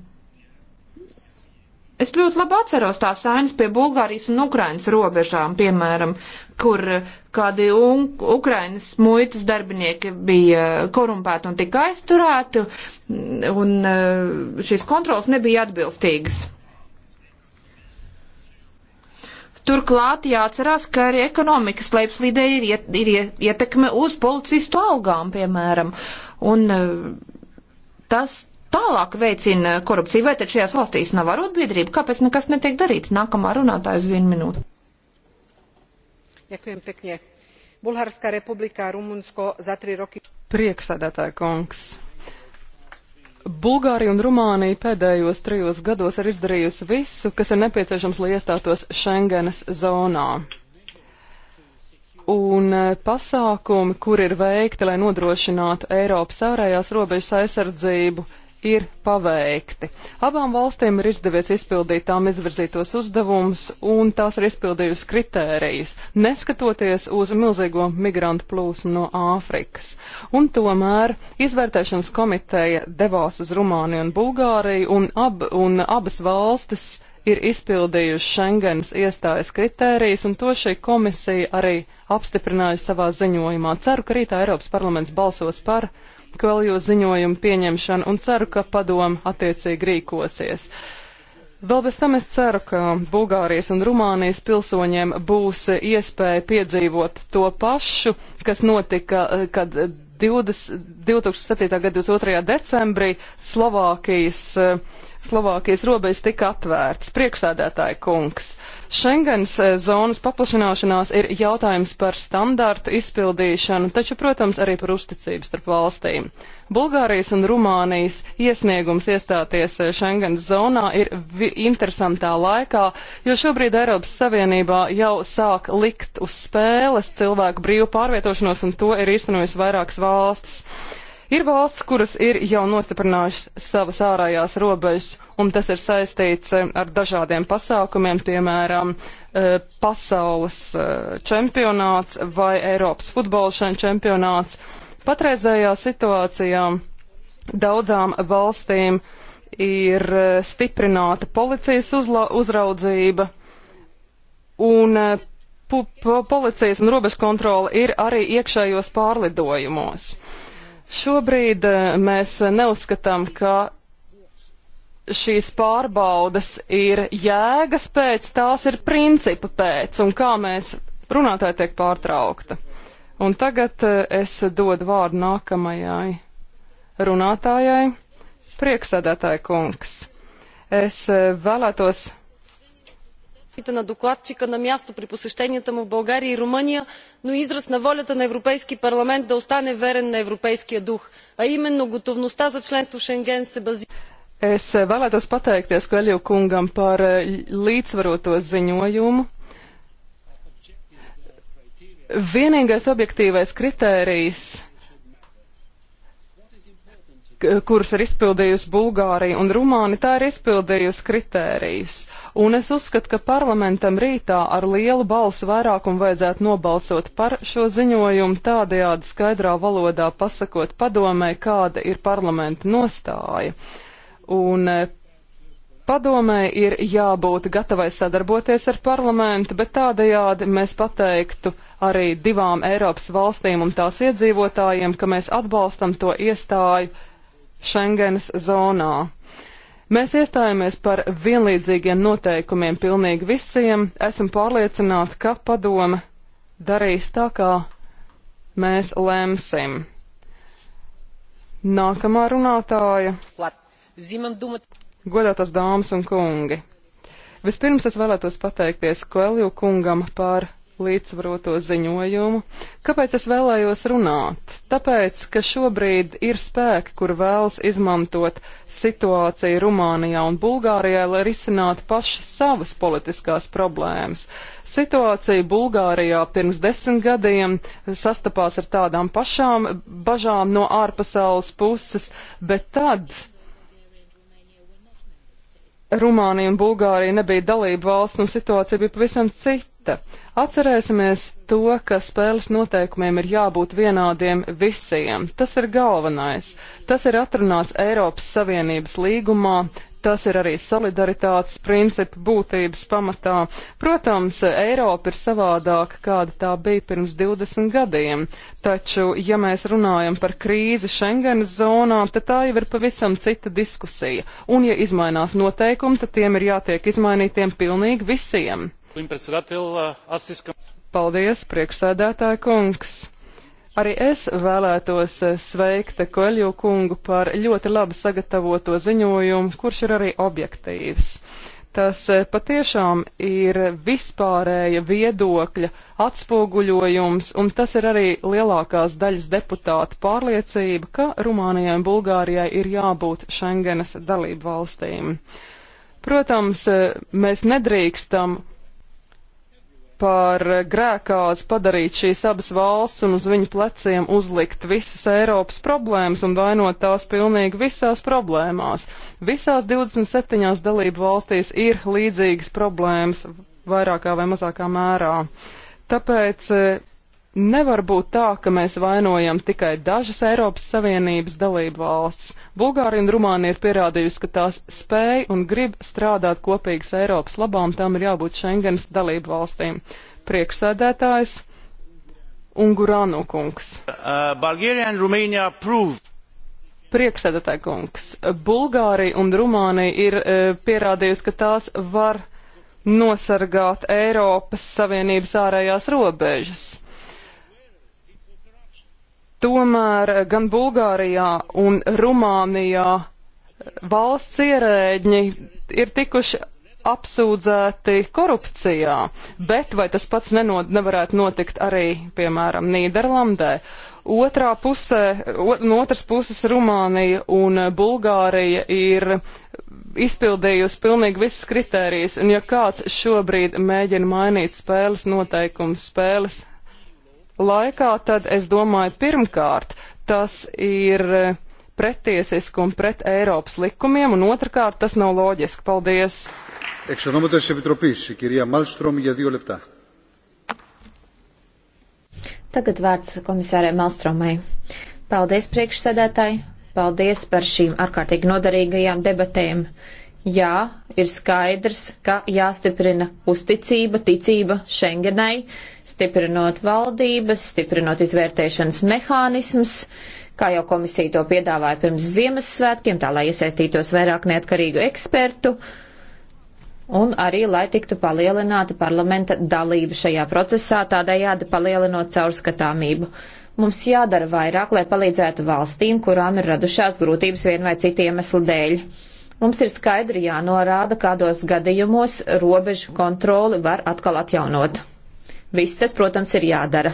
Es ļoti labi atceros tās ainas pie Bulgārijas un Ukrainas robežām, piemēram, kur kādi un, Ukrainas muitas darbinieki bija korumpēti un tika aizturēti, un eh, šīs kontrols nebija atbilstīgas. Turklāt jāatcerās, ka arī ekonomikas leipslīdē ir, iet, ir ietekme uz policistu algām, piemēram, un eh, tas tālāk veicina korupciju, vai tad šajās valstīs nav arotbiedrība, kāpēc nekas netiek darīts? Nākamā runātāja uz vienu minūtu. Ďakujem pekne. Bulharská republika, Rumunsko za tri roky. Priekšsēdētāja kungs. Bulgārija un Rumānija pēdējos trijos gados ir izdarījusi visu, kas ir nepieciešams, lai iestātos Schengenas zonā. Un e, pasākumi, kur ir veikti, lai nodrošinātu Eiropas ārējās robežas aizsardzību, ir paveikti. Abām valstīm ir izdevies izpildīt tām izvirzītos uzdevumus, un tās ir izpildījusi kritērijas, neskatoties uz milzīgo migrantu plūsmu no Āfrikas. Un tomēr izvērtēšanas komiteja devās uz Rumāniju un Bulgāriju, un, ab, un abas valstis ir izpildījuši Schengens iestājas kritērijas, un to šī komisija arī apstiprināja savā ziņojumā. Ceru, ka rītā Eiropas parlaments balsos par Kvaljo ziņojumu pieņemšanu un ceru, ka padomu attiecīgi rīkosies. Vēl bez tam es ceru, ka Bulgārijas un Rumānijas pilsoņiem būs iespēja piedzīvot to pašu, kas notika, eh, kad 20, 2007. gada 22. decembrī Slovākijas, eh, Slovākijas robežas tika atvērts. Priekšsēdētāja kungs, Schengens eh, zonas paplašināšanās ir jautājums par standārtu izpildīšanu, taču, protams, arī par uzticību starp valstīm. Bulgārijas un Rumānijas iesniegums iestāties eh, Schengens zonā ir interesantā laikā, jo šobrīd Eiropas Savienībā jau sāk likt uz spēles cilvēku brīvu pārvietošanos, un to ir īstenojis vairākas valstis. Ir valsts, kuras ir jau nostiprinājušas savas ārējās robežas, un tas ir saistīts eh, ar dažādiem pasākumiem, piemēram, eh, pasaules eh, čempionāts vai Eiropas futbola čempionāts. Patreizējā situācijā daudzām valstīm ir stiprināta policijas uzla, uzraudzība, un pu, po, policijas un robežu kontrola ir arī iekšējos pārlidojumos. Šobrīd eh, mēs neuzskatām, ka šīs pārbaudas ir jēgas pēc, tās ir principa pēc, un kā mēs runātāji tiek pārtraukta. Un tagad eh, es dodu vārdu nākamajai runātājai, prieksēdētāja kungs. Es eh, vēlētos бележките на докладчика на място при посещенията му в българя и румъния но е израз на волята на европейския парламент да остане верен на европейския дух а именно готовността за членство в шенген се базира. Es vēlētos pateikties Kveļu kungam par līdzsvaroto ziņojumu. Vienīgais objektīvais kritērijs kurus ir izpildījusi Bulgārija un Rumānija, tā ir izpildījusi kritērijus. Un es uzskatu, ka parlamentam rītā ar lielu balsu vairākumu vajadzētu nobalsot par šo ziņojumu, tādējādi skaidrā valodā pasakot padomē, kāda ir parlamenta nostāja. Un eh, padomē ir jābūt gatavai sadarboties ar parlamentu, bet tādējādi mēs pateiktu arī divām Eiropas valstīm un tās iedzīvotājiem, ka mēs atbalstam to iestāju Schengenas zonā. Mēs iestājāmies par vienlīdzīgiem noteikumiem pilnīgi visiem. Esam pārliecināti, ka padome darīs tā, kā mēs lēmsim. Nākamā runātāja. Godātas dāmas un kungi. Vispirms es vēlētos pateikties Koelju kungam par līdzsvaroto ziņojumu. Kāpēc es vēlējos runāt? Tāpēc, ka šobrīd ir spēki, kur vēlas izmantot situāciju Rumānijā un Bulgārijā, lai risinātu paši savas politiskās problēmas. Situācija Bulgārijā pirms desmit gadiem sastapās ar tādām pašām bažām no ārpasaules puses, bet tad Rumānija un Bulgārija nebija dalība valsts un situācija bija pavisam cita pamata. Atcerēsimies to, ka spēles noteikumiem ir jābūt vienādiem visiem. Tas ir galvenais. Tas ir atrunāts Eiropas Savienības līgumā. Tas ir arī solidaritātes principa būtības pamatā. Protams, Eiropa ir savādāka, kāda tā bija pirms 20 gadiem, taču, ja mēs runājam par krīzi Schengenas zonā, tad tā jau ir pavisam cita diskusija. Un, ja izmainās noteikumi, tad tiem ir jātiek izmainītiem pilnīgi visiem. Paldies, priekšsēdētāja kungs! Arī es vēlētos sveikt Koļu kungu par ļoti labi sagatavoto ziņojumu, kurš ir arī objektīvs. Tas patiešām ir vispārēja viedokļa atspoguļojums, un tas ir arī lielākās daļas deputātu pārliecība, ka Rumānijai un Bulgārijai ir jābūt Schengenas dalību valstīm. Protams, mēs nedrīkstam par grēkāzi padarīt šīs abas valsts un uz viņu pleciem uzlikt visas Eiropas problēmas un vainot tās pilnīgi visās problēmās. Visās 27 dalību valstīs ir līdzīgas problēmas vairākā vai mazākā mērā. Tāpēc eh, Nevar būt tā, ka mēs vainojam tikai dažas Eiropas Savienības dalību valstis. Bulgārija un Rumānija ir pierādījusi, ka tās spēj un grib strādāt kopīgas Eiropas labām, tām ir jābūt Schengens dalību valstīm. Priekšsēdētājs Ungurānu kungs. Uh, Priekšsēdētāja kungs. Bulgārija un Rumānija ir uh, pierādījusi, ka tās var nosargāt Eiropas Savienības ārējās robežas Tomēr gan Bulgārijā un Rumānijā valsts ierēģi ir tikuši apsūdzēti korupcijā, bet vai tas pats nenot, nevarētu notikt arī, piemēram, Nīderlandē? Otrā pusē, no otras puses Rumānija un Bulgārija ir izpildījusi pilnīgi visas kritērijas, un ja kāds šobrīd mēģina mainīt spēles noteikumus, spēles laikā, tad es domāju, pirmkārt, tas ir e, pretiesiski un pret Eiropas likumiem, un otrkārt, tas nav loģiski. Paldies! Tagad vārds komisārai Malstromai. Paldies priekšsēdētāji, paldies par šīm ārkārtīgi nodarīgajām debatēm. Jā, ir skaidrs, ka jāstiprina uzticība, ticība Schengenai, stiprinot valdības, stiprinot izvērtēšanas mehānismus, kā jau komisija to piedāvāja pirms Ziemassvētkiem, tā lai iesaistītos vairāk neatkarīgu ekspertu, un arī lai tiktu palielināta parlamenta dalība šajā procesā, tādējādi palielinot caurskatāmību. Mums jādara vairāk, lai palīdzētu valstīm, kurām ir radušās grūtības vien vai citu iemeslu dēļ. Mums ir skaidri jānorāda, kādos gadījumos robežu kontroli var atkal atjaunot. Viss tas, protams, ir jādara.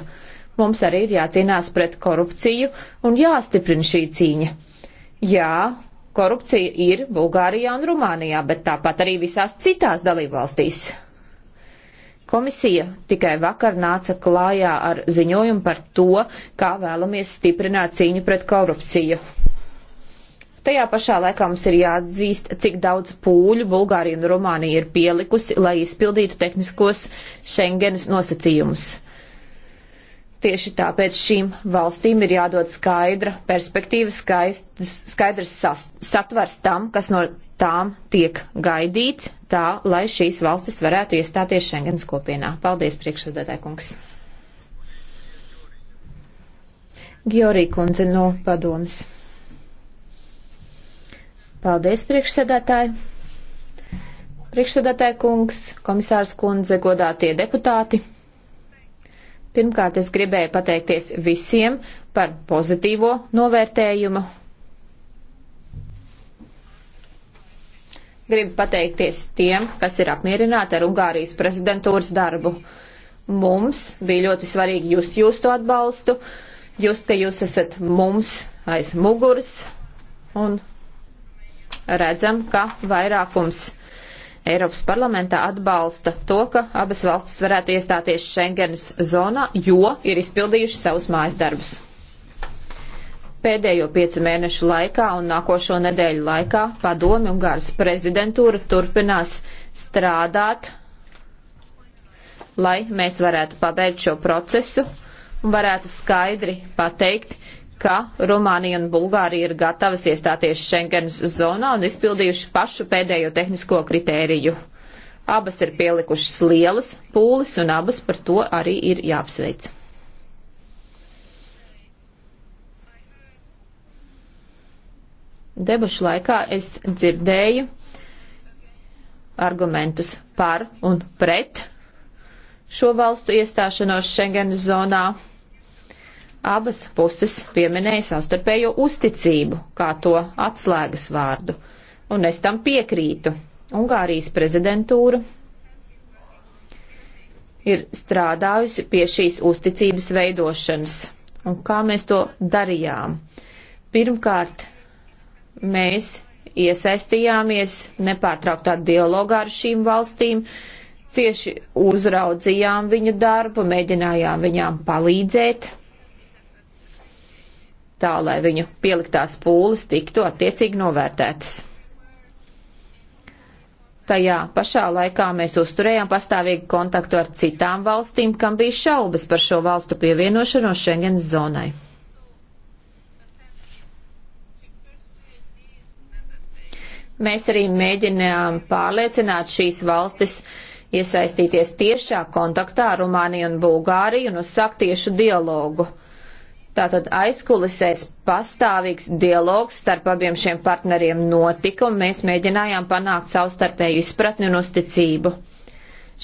Mums arī ir jācīnās pret korupciju un jāstiprina šī cīņa. Jā, korupcija ir Bulgārijā un Rumānijā, bet tāpat arī visās citās dalībvalstīs. Komisija tikai vakar nāca klājā ar ziņojumu par to, kā vēlamies stiprināt cīņu pret korupciju. Tajā pašā laikā mums ir jāatzīst, cik daudz pūļu Bulgārija un Rumānija ir pielikusi, lai izpildītu tehniskos Schengenas nosacījumus. Tieši tāpēc šīm valstīm ir jādod skaidra perspektīva, skaidrs, skaidrs sast, satvers tam, kas no tām tiek gaidīts, tā lai šīs valstis varētu iestāties Schengens kopienā. Paldies, priekšsēdētāj kungs. Giorī kundze no padomas. Paldies, priekšsēdētāji! Priekšsēdētāji kungs, komisārs kundze, godātie deputāti! Pirmkārt, es gribēju pateikties visiem par pozitīvo novērtējumu. Gribu pateikties tiem, kas ir apmierināti ar Ungārijas prezidentūras darbu. Mums bija ļoti svarīgi just jūsu atbalstu, just, ka jūs esat mums aiz muguras un redzam, ka vairākums Eiropas parlamentā atbalsta to, ka abas valstis varētu iestāties Schengenas zonā, jo ir izpildījuši savus mājas darbus. Pēdējo piecu mēnešu laikā un nākošo nedēļu laikā padomi un gāras prezidentūra turpinās strādāt, lai mēs varētu pabeigt šo procesu un varētu skaidri pateikt, ka Rumānija un Bulgārija ir gatavas iestāties Schengens zonā un izpildījuši pašu pēdējo tehnisko kritēriju. Abas ir pielikušas lielas pūles un abas par to arī ir jāapsveic. Debašu laikā es dzirdēju argumentus par un pret šo valstu iestāšanos Schengen zonā abas puses pieminēja savstarpējo uzticību kā to atslēgas vārdu, un es tam piekrītu. Ungārijas prezidentūra ir strādājusi pie šīs uzticības veidošanas, un kā mēs to darījām. Pirmkārt, mēs iesaistījāmies nepārtrauktā dialogā ar šīm valstīm, cieši uzraudzījām viņu darbu, mēģinājām viņām palīdzēt, tā lai viņu pieliktās pūles tiktu attiecīgi novērtētas. Tajā pašā laikā mēs uzturējām pastāvīgu kontaktu ar citām valstīm, kam bija šaubas par šo valstu pievienošanos Schengens zonai. Mēs arī mēģinām pārliecināt šīs valstis iesaistīties tiešā kontaktā ar Rumāniju un Bulgāriju un uzsākt tiešu dialogu Tātad aizkulisēs pastāvīgs dialogs starp abiem šiem partneriem notika, un mēs mēģinājām panākt savstarpēju izpratni un uzticību.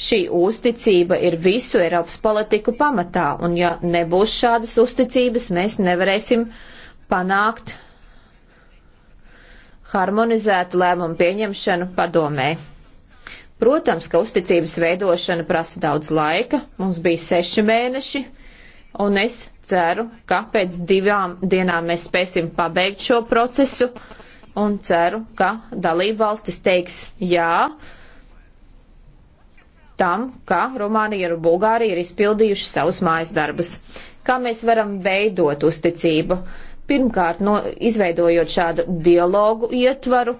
Šī uzticība ir visu Eiropas politiku pamatā, un ja nebūs šādas uzticības, mēs nevarēsim panākt harmonizētu lēmumu pieņemšanu padomē. Protams, ka uzticības veidošana prasa daudz laika, mums bija seši mēneši un es ceru, ka pēc divām dienām mēs spēsim pabeigt šo procesu un ceru, ka dalība valstis teiks jā tam, ka Rumānija un Bulgārija ir izpildījuši savus mājas darbus. Kā mēs varam veidot uzticību? Pirmkārt, no, izveidojot šādu dialogu ietvaru,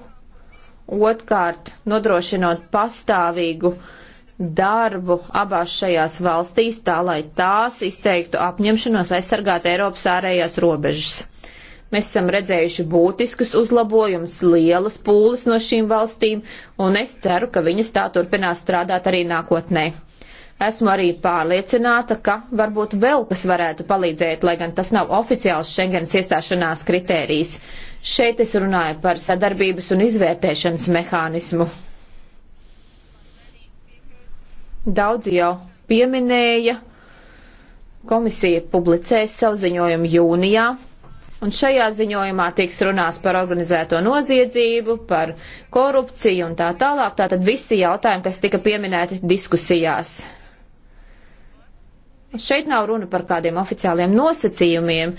otrkārt, nodrošinot pastāvīgu uh, darbu abās šajās valstīs, tā lai tās izteiktu apņemšanos aizsargāt Eiropas ārējās robežas. Mēs esam redzējuši būtiskus uzlabojumus, lielas pūles no šīm valstīm, un es ceru, ka viņas tā turpinās strādāt arī nākotnē. Esmu arī pārliecināta, ka varbūt vēl kas varētu palīdzēt, lai gan tas nav oficiāls Schengens iestāšanās kritērijs. Šeit es runāju par sadarbības un izvērtēšanas mehānismu Daudzi jau pieminēja, komisija publicēs savu ziņojumu jūnijā, un šajā ziņojumā tiks runās par organizēto noziedzību, par korupciju un tā tālāk. Tātad visi jautājumi, kas tika pieminēti diskusijās. Šeit nav runa par kādiem oficiāliem nosacījumiem,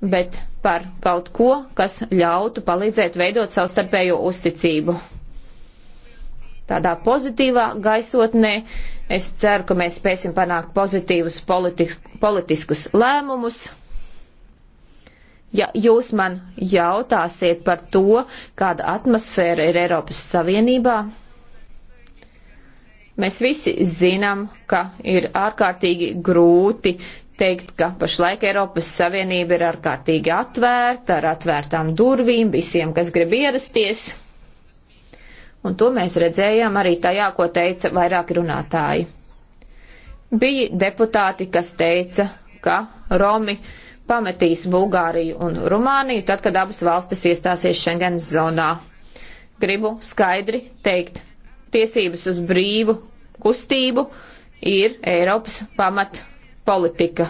bet par kaut ko, kas ļautu palīdzēt veidot savstarpējo uzticību. Tādā pozitīvā gaisotnē Es ceru, ka mēs spēsim panākt pozitīvus politi politiskus lēmumus. Ja jūs man jautāsiet par to, kāda atmosfēra ir Eiropas Savienībā, mēs visi zinām, ka ir ārkārtīgi grūti teikt, ka pašlaik Eiropas Savienība ir ārkārtīgi atvērta, ar atvērtām durvīm visiem, kas grib ierasties un to mēs redzējām arī tajā, ko teica vairāki runātāji. Bija deputāti, kas teica, ka Romi pametīs Bulgāriju un Rumāniju tad, kad abas valstis iestāsies Schengens zonā. Gribu skaidri teikt, tiesības uz brīvu kustību ir Eiropas pamat politika.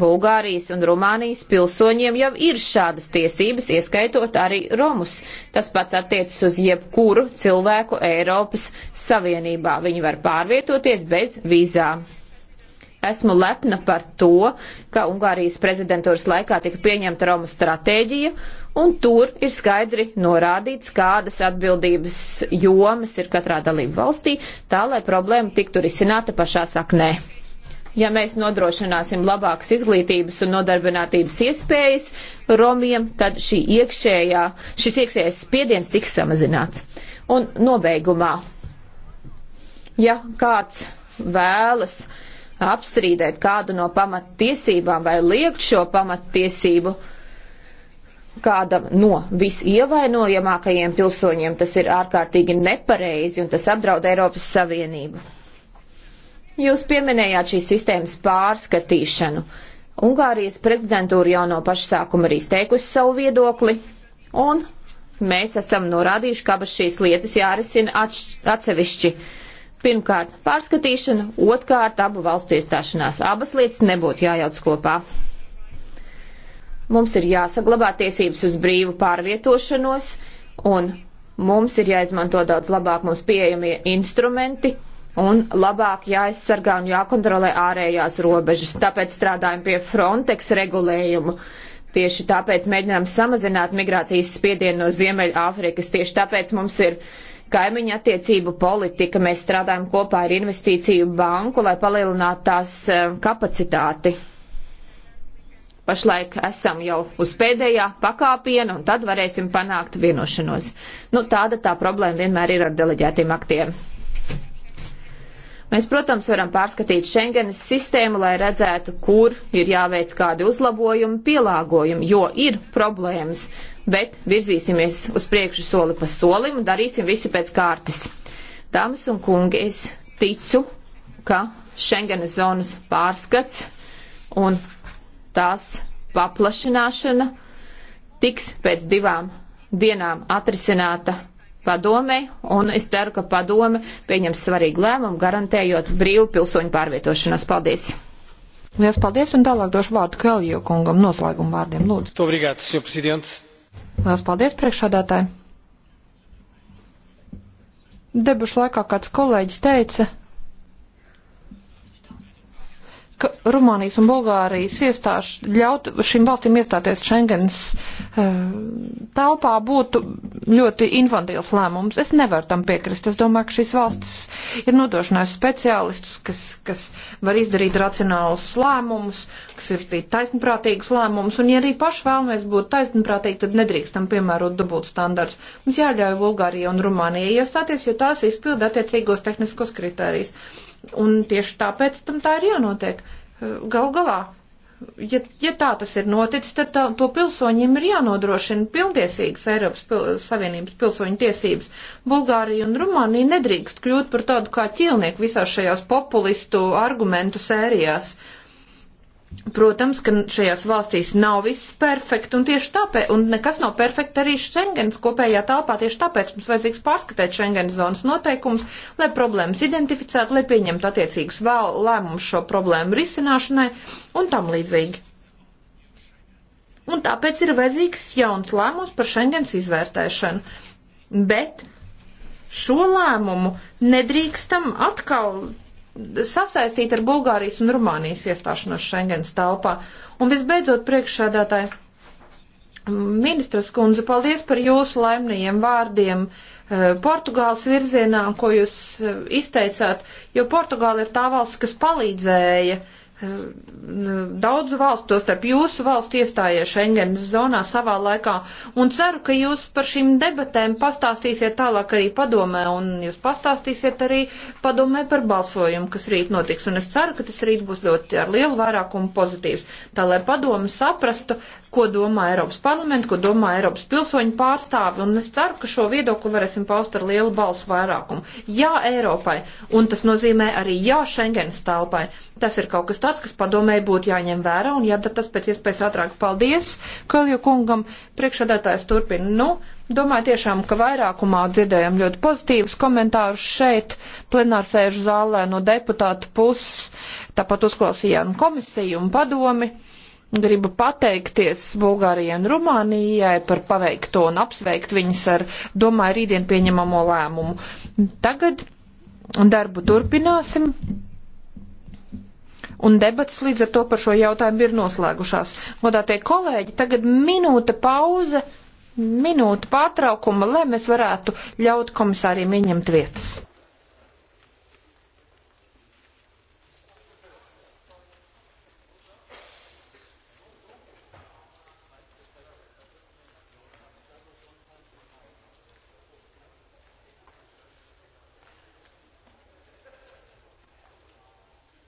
Bulgārijas un Rumānijas pilsoņiem jau ir šādas tiesības, ieskaitot arī Romus. Tas pats attiecas uz jebkuru cilvēku Eiropas Savienībā. Viņi var pārvietoties bez vīzām. Esmu lepna par to, ka Ungārijas prezidentūras laikā tika pieņemta Romu stratēģija, un tur ir skaidri norādīts, kādas atbildības jomas ir katrā dalību valstī, tā lai problēma tiktu risināta pašā saknē. Ja mēs nodrošināsim labākas izglītības un nodarbinātības iespējas romiem, tad šī iekšējā, šis iekšējais spiediens tiks samazināts. Un nobeigumā, ja kāds vēlas apstrīdēt kādu no pamattiesībām vai liekt šo pamattiesību, kādam no visievainojamākajiem pilsoņiem tas ir ārkārtīgi nepareizi un tas apdraud Eiropas Savienību. Jūs pieminējāt šīs sistēmas pārskatīšanu. Ungārijas prezidentūra jau no paša sākuma arī izteikusi savu viedokli, un mēs esam norādījuši, ka abas šīs lietas jārisina atsevišķi. Pirmkārt, pārskatīšana, otrkārt, abu valstu iestāšanās. Abas lietas nebūtu jājauc kopā. Mums ir jāsaglabā tiesības uz brīvu pārvietošanos, un mums ir jāizmanto daudz labāk mums pieejamie instrumenti, un labāk jāaizsargā un jākontrolē ārējās robežas. Tāpēc strādājam pie Frontex regulējumu. Tieši tāpēc mēģinām samazināt migrācijas spiedienu no Ziemeļāfrikas. Tieši tāpēc mums ir kaimiņa attiecību politika. Mēs strādājam kopā ar investīciju banku, lai palielinātu tās eh, kapacitāti. Pašlaik esam jau uz pēdējā pakāpiena, un tad varēsim panākt vienošanos. Nu, tāda tā problēma vienmēr ir ar deleģētiem aktiem. Mēs, protams, varam pārskatīt Schengenes sistēmu, lai redzētu, kur ir jāveic kādi uzlabojumi, pielāgojumi, jo ir problēmas, bet virzīsimies uz priekšu soli pa solim un darīsim visu pēc kārtas. Dāmas un kungi, es ticu, ka Schengenes zonas pārskats un tās paplašināšana tiks pēc divām dienām atrisināta padomē, un es ceru, ka padome pieņems svarīgu lēmumu, garantējot brīvu pilsoņu pārvietošanos. Paldies! Lielas paldies, un tālāk došu vārdu Kelju kungam noslēguma vārdiem. Lūdzu. Obrigāts, jo prezidents. Lielas paldies, priekšādātāji. Debušu laikā kāds kolēģis teica, ka Rumānijas un Bulgārijas iestāšu ļaut šīm valstīm iestāties Schengens uh, telpā būtu ļoti infantils lēmums. Es nevaru tam piekrist. Es domāju, ka šīs valstis ir nodošanās speciālistus, kas, kas var izdarīt racionālus lēmumus, kas ir taisnprātīgus lēmumus, un ja arī paši vēlamies būt taisnprātīgi, tad nedrīkstam piemērot dubult standarts. Mums jāļauj Bulgārija un Rumānija iestāties, jo tās izpilda attiecīgos tehniskos kritērijus. Un tieši tāpēc tam tā ir jānotiek. Gal galā ja, ja tā tas ir noticis, tad tā, to pilsoņiem ir jānodrošina pilntiesīgas Eiropas pil, Savienības pilsoņu tiesības. Bulgārija un Rumānija nedrīkst kļūt par tādu kā ķilnieku visās šajās populistu argumentu sērijās. Uh, Protams, ka šajās valstīs nav viss perfekti, un tieši tāpēc, un nekas nav perfekti arī Schengens kopējā telpā, tieši tāpēc mums vajadzīgs pārskatīt Schengens zonas noteikumus, lai problēmas identificētu, lai pieņemtu attiecīgus vēl lēmumus šo problēmu risināšanai un tam līdzīgi. Un tāpēc ir vajadzīgs jauns lēmums par Schengens izvērtēšanu. Bet šo lēmumu nedrīkstam atkal sasaistīta ar Bulgārijas un Rumānijas iestāšanos Schengens telpā. Un visbeidzot, priekšsēdētāji, ministras kundze, paldies par jūsu laimnajiem vārdiem. Eh, Portugāles virzienā, ko jūs eh, izteicāt, jo Portugāla ir tā valsts, kas palīdzēja uh, Ehm, daudzu valstu, tostarp jūsu valstu iestājies Schengenas zonā savā laikā, un ceru, ka jūs par šīm debatēm pastāstīsiet tālāk arī padomē, un jūs pastāstīsiet arī padomē par balsojumu, kas rīt notiks, un es ceru, ka tas rīt būs ļoti ar lielu vairākumu pozitīvs, tā lai padomu saprastu, ko domā Eiropas parlamenta, ko domā Eiropas pilsoņu pārstāvi, un es ceru, ka šo viedokli varēsim paust ar lielu balsu vairākumu. Jā, Eiropai, un tas nozīmē arī jā Schengenas telpai. Tas ir kaut kas tāds, kas padomēji būtu jāņem vērā un jādara tas pēc iespējas ātrāk. Paldies, Kalju kungam, priekšādātājs turpina. Nu, Domāju tiešām, ka vairākumā dzirdējam ļoti pozitīvus komentārus šeit, plenārsēžu zālē no deputātu puses, tāpat uzklausījām komisiju un padomi. Gribu pateikties Bulgārijai un Rumānijai par paveikto un apsveikt viņas ar, domāju, rītdien pieņemamo lēmumu. Tagad darbu turpināsim. Un debats līdz ar to par šo jautājumu ir noslēgušās. Godātie kolēģi, tagad minūte pauze, minūte pārtraukuma, lai mēs varētu ļaut komisāriem ieņemt vietas.